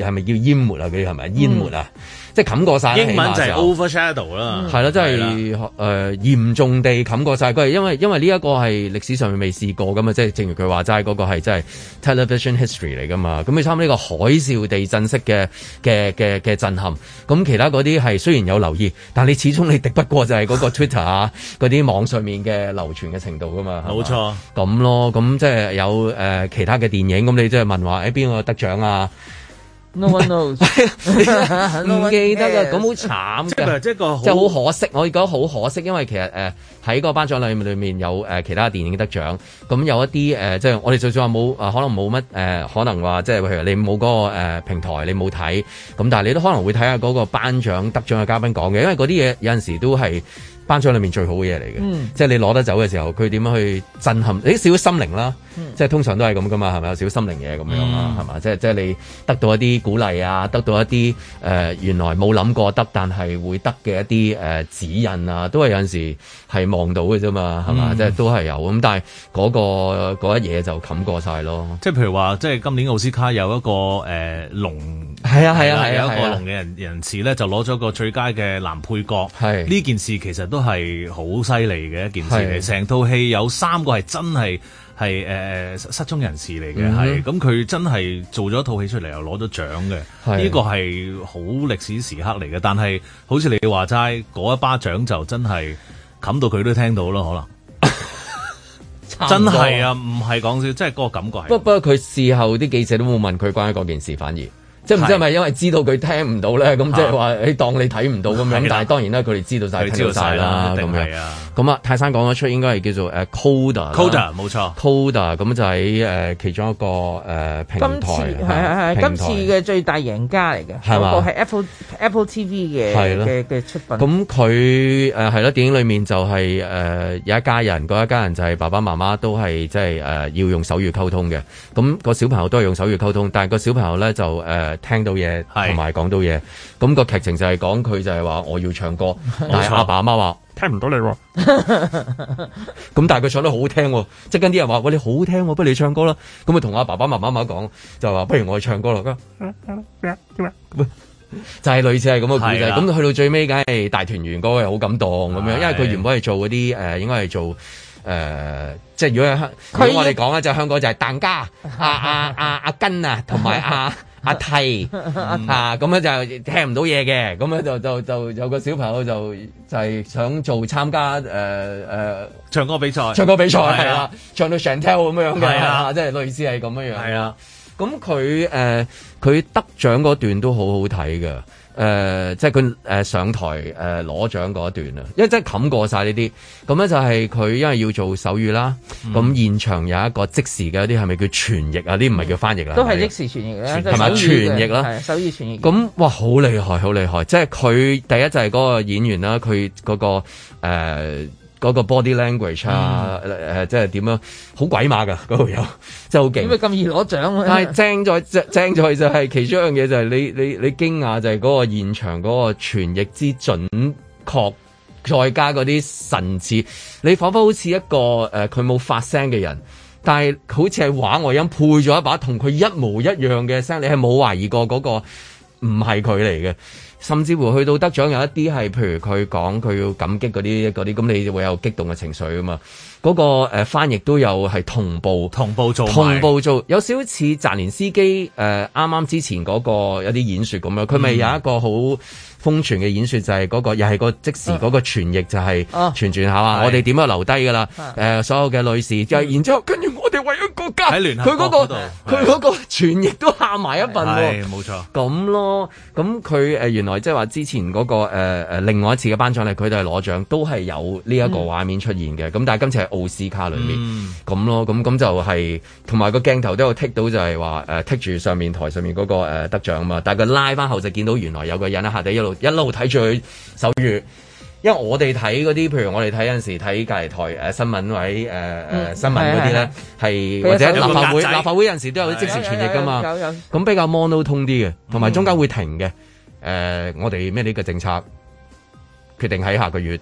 係咪叫淹沒啊？佢哋係咪淹沒啊？即冚過晒英文就係 overshadow 啦，係啦，即係誒嚴重地冚過晒佢，因為因為呢一個係歷史上面未試過噶嘛，即係正如佢話齋，嗰個係真係 television history 嚟噶嘛。咁你參呢個海嘯地震式嘅嘅嘅嘅震撼，咁其他嗰啲係雖然有留意，但你始終你敵不過就係嗰個 Twitter 啊，嗰啲 [LAUGHS] 網上面嘅流傳嘅程度噶嘛。冇錯，咁咯，咁即係有誒其他嘅電影，咁你即係問話誒邊個得獎啊？唔、no、 [LAUGHS] [LAUGHS] 記得啦，咁好、no、one 慘嘅，即係好可惜，我覺得好可惜，因為其實誒喺、呃、個個頒獎禮裏面有誒、呃、其他電影得獎，咁有一啲誒即係我哋就算話冇，可能冇乜誒，可能話即係譬如你冇嗰、那個、呃、平台，你冇睇，咁但係你都可能會睇下嗰個頒獎得獎嘅嘉賓講嘅，因為嗰啲嘢有陣時都係。頒獎裏面最好嘅嘢嚟嘅，即係你攞得走嘅時候，佢點樣去震撼？誒少少心靈啦，即係通常都係咁噶嘛，係咪？有少少心靈嘢咁樣啊，係嘛？即係即係你得到一啲鼓勵啊，得到一啲誒原來冇諗過得，但係會得嘅一啲誒指引啊，都係有陣時係望到嘅啫嘛，係嘛？即係都係有咁，但係嗰個嗰一嘢就冚過晒咯。即係譬如話，即係今年奧斯卡有一個誒龍，係啊係啊係啊，有一個龍嘅人人士咧，就攞咗個最佳嘅男配角。係呢件事其實都。都係好犀利嘅一件事嚟，成套戲有三個係真係係誒失失蹤人士嚟嘅，係咁佢真係做咗套戲出嚟又攞咗獎嘅，呢是個係好歷史時刻嚟嘅。但係好似你話齋嗰一巴掌就真係冚到佢都聽到咯，可能 [LAUGHS] 不多真係啊，唔係講笑，即係嗰個感覺不。不不過佢事後啲記者都冇問佢關於嗰件事，反而。即係唔知係咪因為知道佢聽唔到咧，咁即係話誒當你睇唔到咁樣，但係當然啦，佢哋知道晒知道晒啦咁樣。咁啊，泰山講咗出應該係叫做誒 CODA，CODA 冇錯，CODA 咁就喺誒其中一個誒平台，今次嘅最大贏家嚟嘅，嗰個係 Apple Apple TV 嘅嘅嘅出品。咁佢誒係啦，電影裏面就係誒有一家人，嗰一家人就係爸爸媽媽都係即係誒要用手語溝通嘅，咁個小朋友都係用手語溝通，但係個小朋友咧就誒聽到嘢，同埋講到嘢，咁個劇情就係講佢就係話我要唱歌，但係阿爸阿媽話聽唔到你喎，咁但係佢唱得好聽喎，即係跟啲人話喂，你好聽，不如你唱歌啦，咁啊同阿爸爸媽媽講就話不如我去唱歌咯。就係類似係咁嘅故仔，咁去到最尾梗係大團圓歌係好感動咁樣，因為佢原本係做嗰啲誒，應該係做誒，即係如果係香，咁我哋講咧就香港就係蛋家阿阿阿阿根啊，同埋阿。阿 t 啊，咁、啊啊啊啊、樣就聽唔到嘢嘅，咁樣就就就有個小朋友就就係想做參加誒誒、呃呃、唱歌比賽唱歌比賽係啊，啊唱到 Chantel 咁樣嘅，即係、啊啊、類似係咁樣樣。係啊，咁佢誒佢得獎嗰段都好好睇㗎。誒、呃，即係佢、呃、上台誒攞、呃、獎嗰段，因為真係冚過晒呢啲，咁咧就係佢因為要做手語啦，咁、嗯、現場有一個即時嘅，啲係咪叫傳譯啊？啲唔係叫翻譯啊、嗯？都係即時傳譯啦，係咪傳譯啦？手語傳譯，咁哇，好厲害，好厲害！即係佢第一就係嗰個演員啦，佢嗰、嗰個、呃嗰個 body language 啊，誒、嗯呃、即係點樣好鬼馬噶嗰、嗰個有，就係好勁。點會咁易攞獎啊？但係正在正正在就係其中一樣嘢，就係你你你驚訝就係嗰個現場嗰個傳譯之準確，再加嗰啲神似，你彷彿好似一個誒佢冇發聲嘅人，但係好似係畫外音配咗一把同佢一模一樣嘅聲，你係冇懷疑過嗰個唔係佢嚟嘅。甚至乎去到得獎有一啲係，譬如佢講，佢要感激嗰啲嗰啲，咁你會有激動嘅情緒啊嘛。嗰、那個誒、呃、翻譯都有係同步同步做同步做，有少似澤連斯基誒啱啱之前嗰個有啲演説咁樣，佢咪有一個好瘋傳嘅演説，就係、是、嗰、那個又係個即時嗰個傳譯就係傳傳下啊！我哋點樣留低㗎啦？誒、啊呃，所有嘅女士就係、嗯、然之後，跟住我哋為咗國家，佢嗰、那個佢嗰、哦、個傳譯都喊埋一份喎，冇錯。咁咯，咁佢誒原來即係話之前嗰、那個誒、呃、另外一次嘅頒獎禮，佢哋係攞獎，都係有呢一個畫面出現嘅。咁、嗯、但係今次奧斯卡裏面咁咯，咁咁就係、是，同埋個鏡頭都有剔到就，就係話誒，剔住上面台上面嗰、那個誒、啊、得獎啊嘛。但係佢拉翻後，就見到原來有個人下底一路一路睇住佢守住。因為我哋睇嗰啲，譬如我哋睇有陣時睇隔籬台誒、啊、新聞或者誒誒新聞嗰啲咧，係或者立法會有有立法會有陣時都有即時傳譯噶嘛，咁比較 monotone 啲嘅，同埋中間會停嘅。誒、嗯呃，我哋咩呢個政策決定喺下個月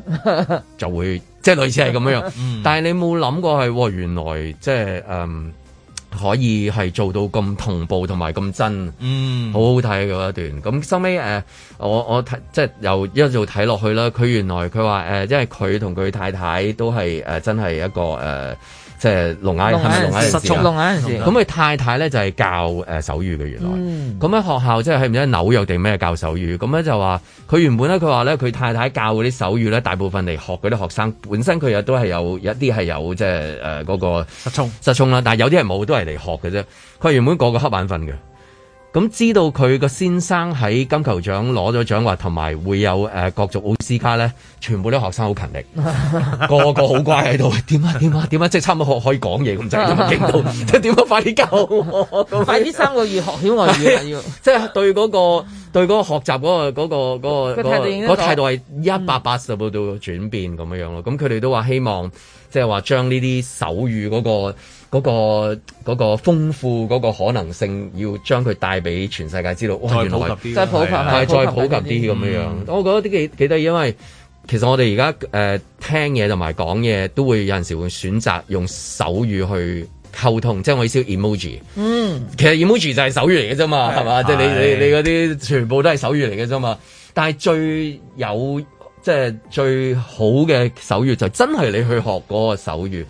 就會。即係類似係咁樣，但係你冇諗過係，原來即係誒可以係做到咁同步同埋咁真，嗯，嗯好好睇嘅一段。咁收尾誒，我我睇即係由一早睇落去啦。佢原來佢話誒，因為佢同佢太太都係誒、呃，真係一個誒。呃即係失聰咁佢太太咧就係教誒手語嘅原來。咁喺、嗯、學校即係唔知紐約定咩教手語？咁咧就話佢原本咧佢話咧佢太太教嗰啲手語咧，大部分嚟學嗰啲學生本身佢又都係有一啲係有即係誒嗰個失聰，失聰啦。但係有啲係冇，都係嚟學嘅啫。佢原本個個瞌眼瞓嘅。咁、嗯、知道佢個先生喺金球獎攞咗獎話，同埋會有誒、呃、各族奧斯卡咧，全部啲學生好勤力， [LAUGHS] 個個好乖喺度。點啊點啊點啊！即係差唔多可可以講嘢咁滯，到，即係點啊！快啲教我， [LAUGHS] 快啲三個月學曉外語即係對嗰、那個對嗰個學習嗰、那個嗰嗰嗰態度係一百八十度到轉變咁、嗯、樣樣咯。咁佢哋都話希望即係話將呢啲手語嗰、那個。嗰、那個嗰、那個、豐富嗰、那個可能性，要將佢帶俾全世界知道。哇！原來即係普及係再普及啲咁、啊啊嗯、樣、嗯、我覺得啲幾幾得意。因為其實我哋而家誒聽嘢同埋講嘢，都會有陣時會選擇用手語去溝通，即係我意思 emoji。嗯，其實 emoji 就係手語嚟嘅啫嘛，係嘛、嗯？即係你你你嗰啲全部都係手語嚟嘅啫嘛。但最有即係、就是、最好嘅手語就真係你去學嗰個手語。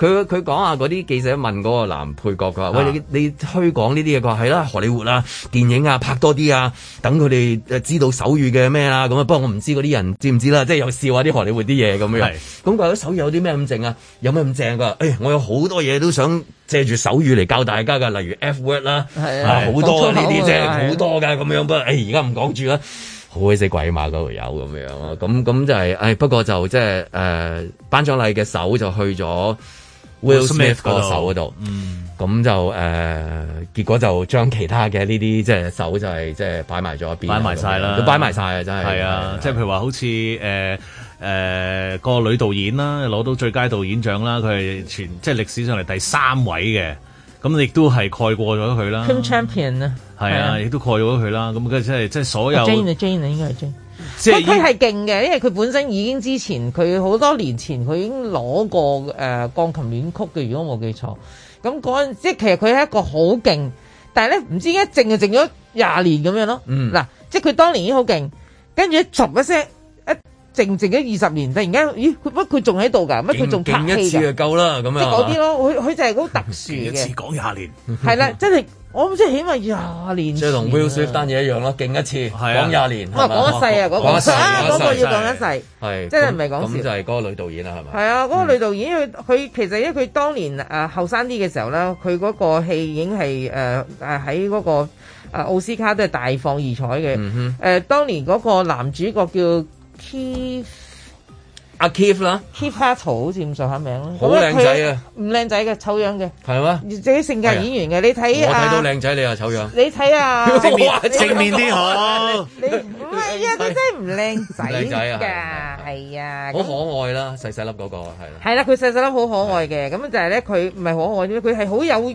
佢佢講下，嗰啲記者問嗰個男配角，佢話：啊、喂，你你推廣呢啲嘢，佢話係啦，荷里活啦、啊，電影啊，拍多啲啊，等佢哋知道手語嘅咩啦咁啊樣。不過我唔知嗰啲人知唔知啦，即係有笑話、啊、啲荷里活啲嘢咁樣。咁佢啲手語有啲咩咁正啊？有咩咁正㗎？誒、哎，我有好多嘢都想借住手語嚟教大家㗎，例如 F word 啦，啊、多好多呢啲即係好多㗎咁樣、就是哎。不過而家唔講住啦，好鬼死鬼馬嗰條友咁樣咁，咁就係不過就即係誒，頒獎禮嘅手就去咗。Will Smith 嗰個手嗰度，咁、嗯、就誒、呃，結果就將其他嘅呢啲即係手就係即係擺埋咗一邊。擺埋晒啦，都擺埋晒啊！真係的。係啊，啊即係譬如話好似誒誒個女導演啦，攞到最佳導演獎啦，佢係全即係歷史上嚟第三位嘅，咁亦都係蓋過咗佢啦。Campion 啊，係啊，亦都蓋咗佢啦。咁即係即係所有。啊 Jane 啊，Jane 啊，應該係 Jane。佢佢係勁嘅，因為佢本身已經之前佢好多年前佢已經攞過誒、呃、鋼琴戀曲嘅，如果我冇記錯，咁、那、嗰、個、即係其實佢係一個好勁，但係咧唔知一靜就靜咗廿年咁樣咯。嗯，嗱，即係佢當年已經好勁，跟住一逐一聲一靜靜咗二十年，突然間咦，乜佢仲喺度㗎？乜佢仲拍戲㗎？一次就夠啦，咁樣即係嗰啲咯，佢佢、啊、就係好特殊嘅。一次講廿年係啦，即 [LAUGHS] 係。真我唔知、啊，起碼廿年。即係同《Will Smith》單嘢一樣咯，勁一次，講廿、啊、年。哇，講一世啊！嗰、那個，嗰個要講一世，真係唔係講笑。咁就係嗰個女導演啦，係咪？係啊，嗰、那個女導演，佢佢其實因為，佢當年誒後生啲嘅時候咧，佢嗰個戲已經係誒誒喺嗰個誒奧、啊、斯卡都係大放異彩嘅。嗯哼。誒、呃，當年嗰個男主角叫 Keith。阿 Keith 啦，Keith Hartle 好似咁上下名咯，好靚仔啊！唔靚仔嘅，醜樣嘅，係自己性格演員嘅，你睇我睇到靚仔，你啊醜樣，你睇啊正面正面啲好，你唔係啊，佢真係唔靚仔，靚仔啊係啊，好可愛啦，細細粒嗰個係啦，係啦，佢細細粒好可愛嘅，咁就係咧，佢唔係可愛啫，佢係好有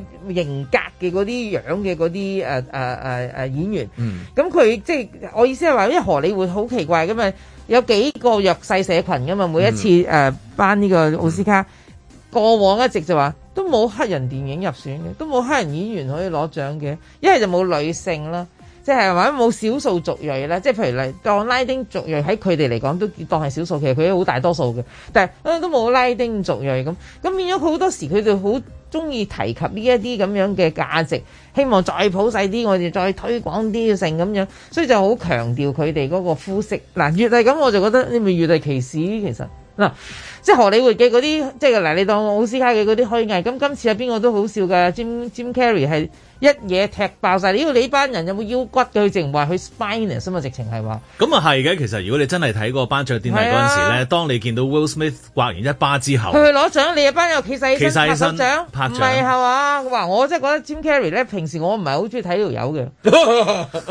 型格嘅嗰啲樣嘅嗰啲誒誒誒誒演員，咁佢即係我意思係話，因為荷里活好奇怪噶嘛。有幾個弱勢社群㗎嘛？每一次誒、嗯呃、班呢個奧斯卡，嗯、過往一直就話都冇黑人電影入選嘅，都冇黑人演員可以攞獎嘅。因為就冇女性啦，即係或者冇少數族裔啦。即係譬如嚟當拉丁族裔喺佢哋嚟講都當係少數，其實佢都好大多數嘅。但係、啊、都冇拉丁族裔咁，咁變咗好多時佢哋好。中意提及呢一啲咁樣嘅價值，希望再普世啲，我哋再推廣啲性咁樣，所以就好強調佢哋嗰個膚色。嗱、啊，越係咁我就覺得你咪越嚟歧視。其實嗱、啊，即係荷里活嘅嗰啲，即係嗱，你當我奧斯卡嘅嗰啲虛偽。咁今次有邊個都好笑㗎，Jim Jim Carrey 係。一嘢踢爆晒，你個你班人有冇腰骨嘅？佢直情話佢 spineless 啊嘛，直情係話。咁啊係嘅，其實如果你真係睇嗰班頒獎典禮嗰陣時咧，當你見到 Will Smith 刮完一巴之後，佢去攞獎，你班友企曬起身拍手掌，拍唔係係嘛？話我真係覺得 Jim Carrey 咧，平時我唔係好中意睇條友嘅，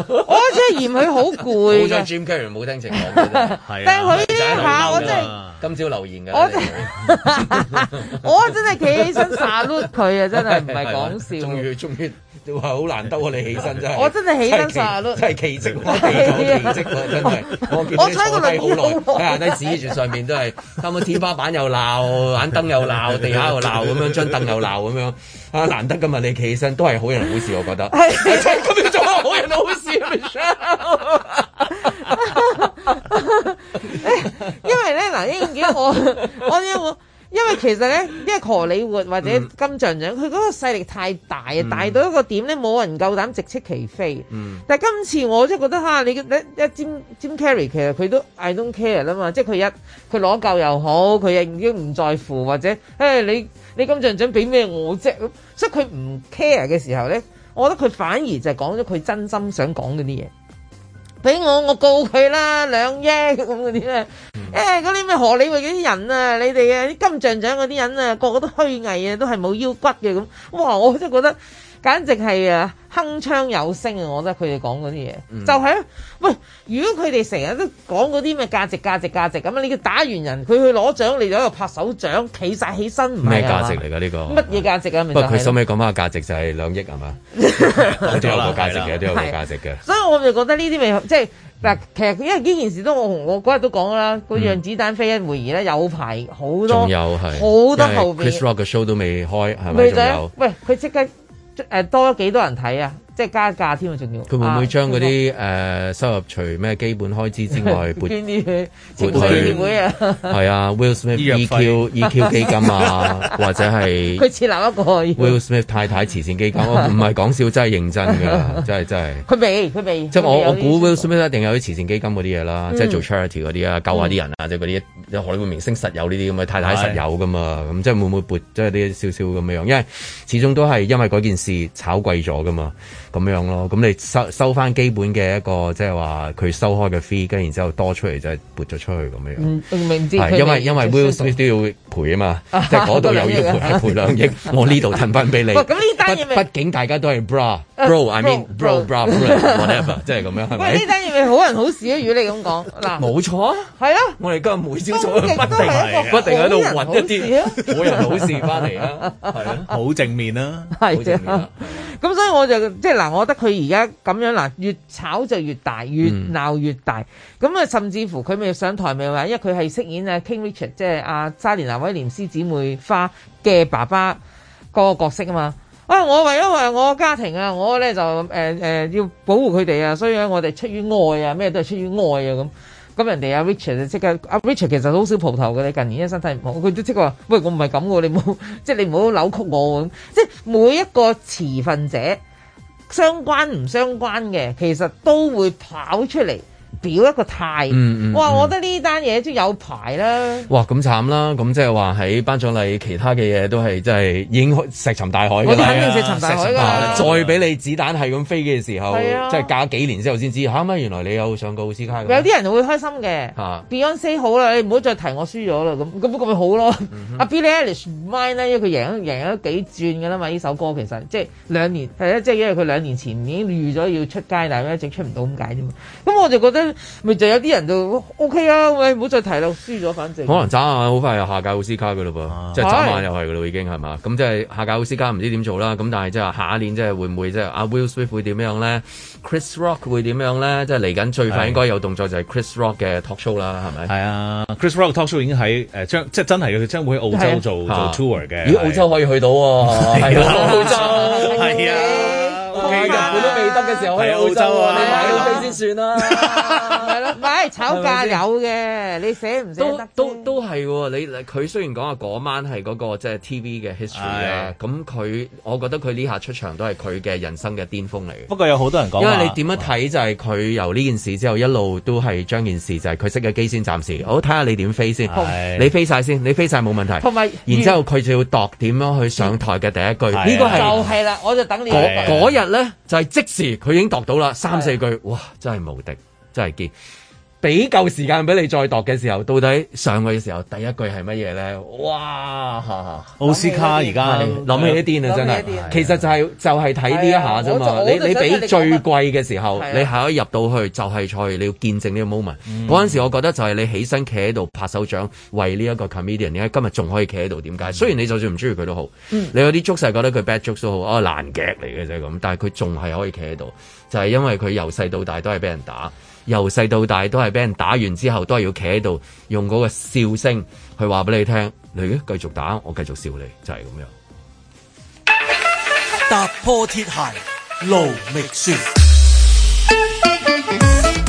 我真係嫌佢好攰。我聽 Jim Carrey，冇聽情話，但係佢呢下我真係今朝留言嘅，我真係我真企起身 salute 佢啊，真係唔係講笑。終於，終於。好難得喎、啊，你起身真係，真係奇蹟，都真係奇蹟啊！我睇我兩好耐，喺下底指住上面都係，差唔多天花板又鬧， [LAUGHS] 眼燈又鬧，地下又鬧，咁樣張凳又鬧，咁樣啊！難得㗎嘛、啊，你起身都係好人好事，我覺得。喺正、啊，咁你做乜好人好事？ [LAUGHS] Michelle [LAUGHS] [LAUGHS] 因為咧嗱，因為我，我因為我。 [LAUGHS] 因為其實咧，因為荷里活或者金像獎，佢嗰、mm. 個勢力太大啊，大、mm. 到一個點咧，冇人夠膽直斥其非。Mm. 但係今次我真係覺得吓、啊、你一一 Jim Jim Carrey 其實佢都 I don't care 啦嘛，即係佢一佢攞夠又好，佢已經唔在乎，或者、哎、你你金像獎俾咩我啫，所以佢唔 care 嘅時候咧，我覺得佢反而就係講咗佢真心想講嗰啲嘢。俾我我告佢啦，兩億咁嗰啲咧，誒嗰啲咩荷里活嗰啲人啊，你哋啊啲金像獎嗰啲人啊，個個都虛偽啊，都係冇腰骨嘅咁，哇！我真係覺得。簡直係啊，鏗鏘有聲啊！我覺得佢哋講嗰啲嘢，嗯、就係、是、啊喂，如果佢哋成日都講嗰啲咩價值、價值、價值咁啊，你打完人佢去攞獎，你就喺度拍手掌，企晒起身，唔係？咩價值嚟㗎呢個？乜嘢價值啊？不過佢收尾講翻個價值就係兩億係嘛？都 [LAUGHS] 有個價值嘅，都有個價值嘅。所以我就覺得呢啲咪即係嗱，其實因為呢件事都我我嗰日都講啦，個讓子彈飛一會兒咧，有排好多，有好多後面 Chris Rock 嘅 show 都未開係咪？仲有喂，佢即刻。誒，多幾多人睇啊？即係加價添仲要佢會唔會將嗰啲誒收入除咩基本開支之外撥啲佢？慈善會啊，係啊，Will Smith EQ EQ 基金啊，或者係佢設立一個 Will Smith 太太慈善基金，唔係講笑，真係認真㗎，真係真係。佢俾佢俾即係我我估 Will Smith 一定有啲慈善基金嗰啲嘢啦，即係做 charity 嗰啲啊，救下啲人啊，即係嗰啲海 h 明星實有呢啲咁嘅太太實有㗎嘛，咁即係會唔會撥即係啲少少咁嘅樣？因為始終都係因為嗰件事炒貴咗㗎嘛。咁樣咯，咁你收收翻基本嘅一個，即係話佢收開嘅 fee，跟住然之後多出嚟就撥咗出去咁樣。嗯，明知明？因為因為 Will 所以都要賠啊嘛，即係嗰度又要賠賠兩億，我呢度吞翻俾你。咁呢單嘢畢竟大家都係 b r a b r o i m e a n b r a b r 即係咁樣係咪？呢單嘢咪好人好事咯？如果你咁講嗱，冇錯啊，係啊，我哋今日每朝早喺不定喺度，不定喺度揾一啲好人好事翻嚟啊，係啊，好正面啊，係面。咁所以我就即嗱。嗱、啊，我覺得佢而家咁樣嗱，越炒就越大，越鬧越大。咁啊、嗯，甚至乎佢未上台，未話，因為佢係飾演啊 King Richard，即係阿莎蓮娜威廉斯姐妹花嘅爸爸個角色啊嘛。啊、哎，我為咗為我家庭啊，我咧就誒誒、呃呃、要保護佢哋啊，所以咧我哋出於愛,出於愛啊，咩都係出於愛啊。咁咁人哋阿 Richard 就即刻阿 Richard 其實好少蒲頭嘅，你近年因身體唔好，佢都即刻話：喂，我唔係咁喎，你唔好即係你唔好扭曲我咁。即係每一個持份者。相關唔相關嘅，其實都會跑出嚟。表一個態，嗯嗯嗯、哇！我覺得呢單嘢都有排啦。哇！咁慘啦，咁即係話喺頒獎禮其他嘅嘢都係即係已經石沉大海㗎啦。我哋肯定石沉大海，石沉大海再俾你子彈係咁飛嘅時候，是啊、即係隔幾年之後先知嚇咩、啊？原來你有上過奧斯卡的。有啲人會開心嘅，Beyoncé 好啦，你唔好再提我輸咗啦，咁咁咁咪好咯。阿、嗯、哼 Billie Eilish win 咧，因為佢贏咗贏咗幾轉㗎啦嘛，呢首歌其實即係兩年係啊，即係因為佢兩年前已經預咗要出街，但係一直出唔到咁解啫嘛。咁我就覺得。咪就有啲人就 OK 啊，咪唔好再提啦，輸咗反正。可能眨下，好快又下屆奧斯卡噶喇噃，即係眨下又係噶咯已經係嘛，咁即係下屆奧斯卡唔知點做啦，咁但係即係下一年即係會唔會即係阿 Will Smith 會點樣咧，Chris Rock 會點樣咧，即係嚟緊最快應該有動作就係 Chris Rock 嘅 talk show 啦，係咪？係啊，Chris Rock talk show 已經喺誒將即係真係佢將會喺澳洲做做 tour 嘅。如果澳洲可以去到，係啦，澳洲係啊，喺澳洲啊，你買飛先算啦。係啦，唔係炒價有嘅，你寫唔寫都都都係，你佢雖然講話嗰晚係嗰、嗰個即係 TV 嘅 history 啊的，咁佢我覺得佢呢下出場都係佢嘅人生嘅巔峰嚟嘅。不過有好多人講，因為你點樣睇就係佢由呢件事之後一路都係將件事就係佢識嘅機先暫時。好，睇下的你點飛先，你飛晒先，你飛晒冇問題。But my, 然之後佢就要度點樣去上台嘅第一句，呢個係就係啦，我就等你。嗰的日咧就係、是、即時佢已經度到啦，三四句的哇，真係無敵。真係見，俾夠時間俾你再度嘅時候，到底上位嘅時候第一句係乜嘢咧？哇！奧斯卡而家諗起呢啲啊！對一真係的，其實就係、是、就係睇呢一下啫嘛。你你俾最貴嘅時候，你，你下一入到去，就係、是、在你要見證呢個 moment。嗰陣、嗯、時，我覺得就係你起身企喺度拍手掌，為呢一個 comedian。你今日仲可以企喺度？點解？雖然你就算唔中意佢都好，嗯、你有啲足勢覺得佢 bad jokes 都好啊，爛、哦、劇嚟嘅啫咁。但係佢仲係可以企喺度，就係、是、因為佢由細到大都係俾人打。由細到大都係俾人打完之後，都係要企喺度用嗰個笑聲去話俾你聽。你繼續打，我繼續笑你，就係、是、咁樣。踏破鐵鞋無覓處。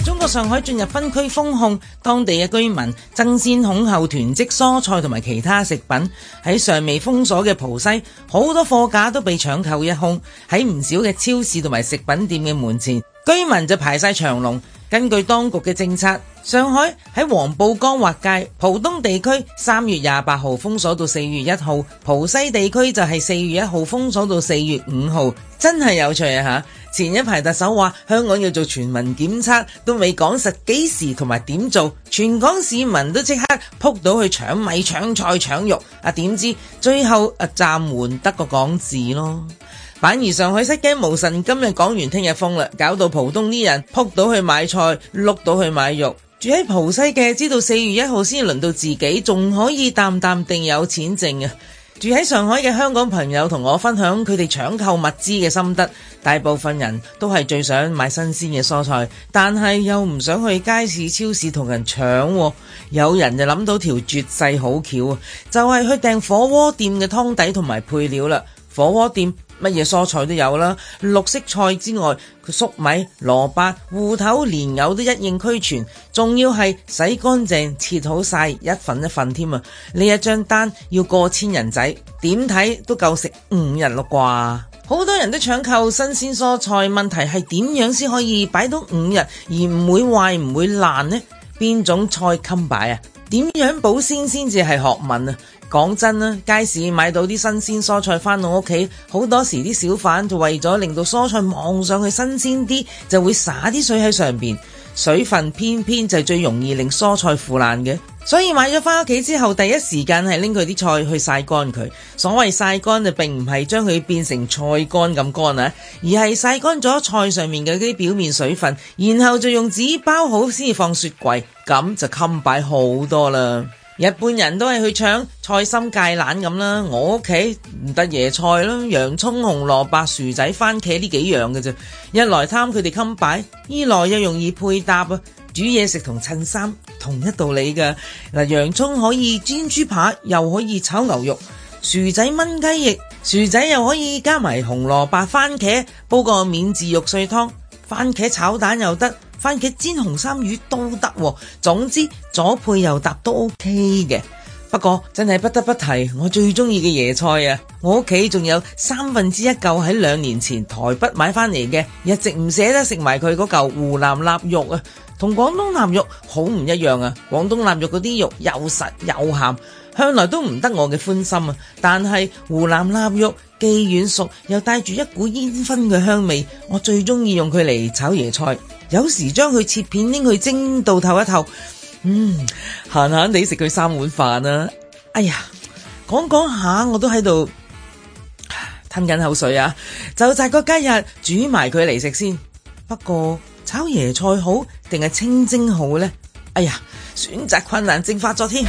中國上海進入分區封控，當地嘅居民爭先恐後囤積蔬菜同埋其他食品。喺尚未封鎖嘅浦西，好多貨架都被搶購一空。喺唔少嘅超市同埋食品店嘅門前，居民就排晒長龍。根據當局嘅政策，上海喺黃浦江劃界，浦東地區三月廿八號封鎖到四月一號，浦西地區就係四月一號封鎖到四月五號，真係有趣啊吓！前一排特首話香港要做全民檢測，都未講實幾時同埋點做，全港市民都即刻撲到去搶米搶菜搶肉，啊點知最後啊暫緩得個港字咯。反而上海失驚無神，今日講完，聽日封啦，搞到浦東啲人撲到去買菜，碌到去買肉。住喺浦西嘅知道四月一號先輪到自己，仲可以淡淡定有錢剩啊！住喺上海嘅香港朋友同我分享佢哋搶購物資嘅心得，大部分人都係最想買新鮮嘅蔬菜，但係又唔想去街市超市同人搶。有人就諗到條絕世好橋，就係去訂火鍋店嘅湯底同埋配料啦。火鍋店。乜嘢蔬菜都有啦，綠色菜之外，佢粟米、蘿蔔、芋頭、蓮藕都一應俱全，仲要係洗乾淨、切好晒，一份一份添啊！呢一張單要過千人仔，點睇都夠食五日咯啩！好多人都搶購新鮮蔬菜，問題係點樣先可以擺到五日而唔會壞唔會爛呢？邊種菜襟擺啊？點樣保鮮先至係學問啊！講真啦，街市買到啲新鮮蔬菜翻到屋企，好多時啲小販就為咗令到蔬菜望上去新鮮啲，就會灑啲水喺上邊，水分偏偏就係最容易令蔬菜腐爛嘅。所以買咗翻屋企之後，第一時間係拎佢啲菜去曬乾佢。所謂曬乾就並唔係將佢變成菜乾咁乾啊，而係曬乾咗菜上面嘅啲表面水分，然後就用紙包好先放雪櫃，咁就襟擺好多啦。日本人都係去搶菜心芥蘭咁啦，我屋企唔得椰菜啦，洋葱、紅蘿卜、薯仔、番茄呢幾樣嘅啫。一來貪佢哋襟擺，二來又容易配搭啊。煮嘢食同襯衫同一道理㗎。嗱，洋葱可以煎豬扒，又可以炒牛肉；薯仔炆雞翼，薯仔又可以加埋紅蘿卜、番茄煲個免治肉碎湯，番茄炒蛋又得。番茄煎紅三魚都得，總之左配右搭都 OK 嘅。不過真係不得不提我最中意嘅椰菜啊！我屋企仲有三分之一嚿喺兩年前台北買翻嚟嘅，一直唔捨得食埋佢嗰嚿湖南臘肉啊！同廣東臘肉好唔一樣啊！廣東臘肉嗰啲肉又實又鹹，向來都唔得我嘅歡心啊。但係湖南臘肉既軟熟又帶住一股煙燻嘅香味，我最中意用佢嚟炒椰菜。有時將佢切片，拎去蒸到透一透，嗯，閒閒地食佢三碗飯啦啊。哎呀，講講下我都喺度吞緊口水啊！就摘個今日煮埋佢嚟食先。不過炒椰菜好定係清蒸好咧？哎呀，選擇困難症發作添。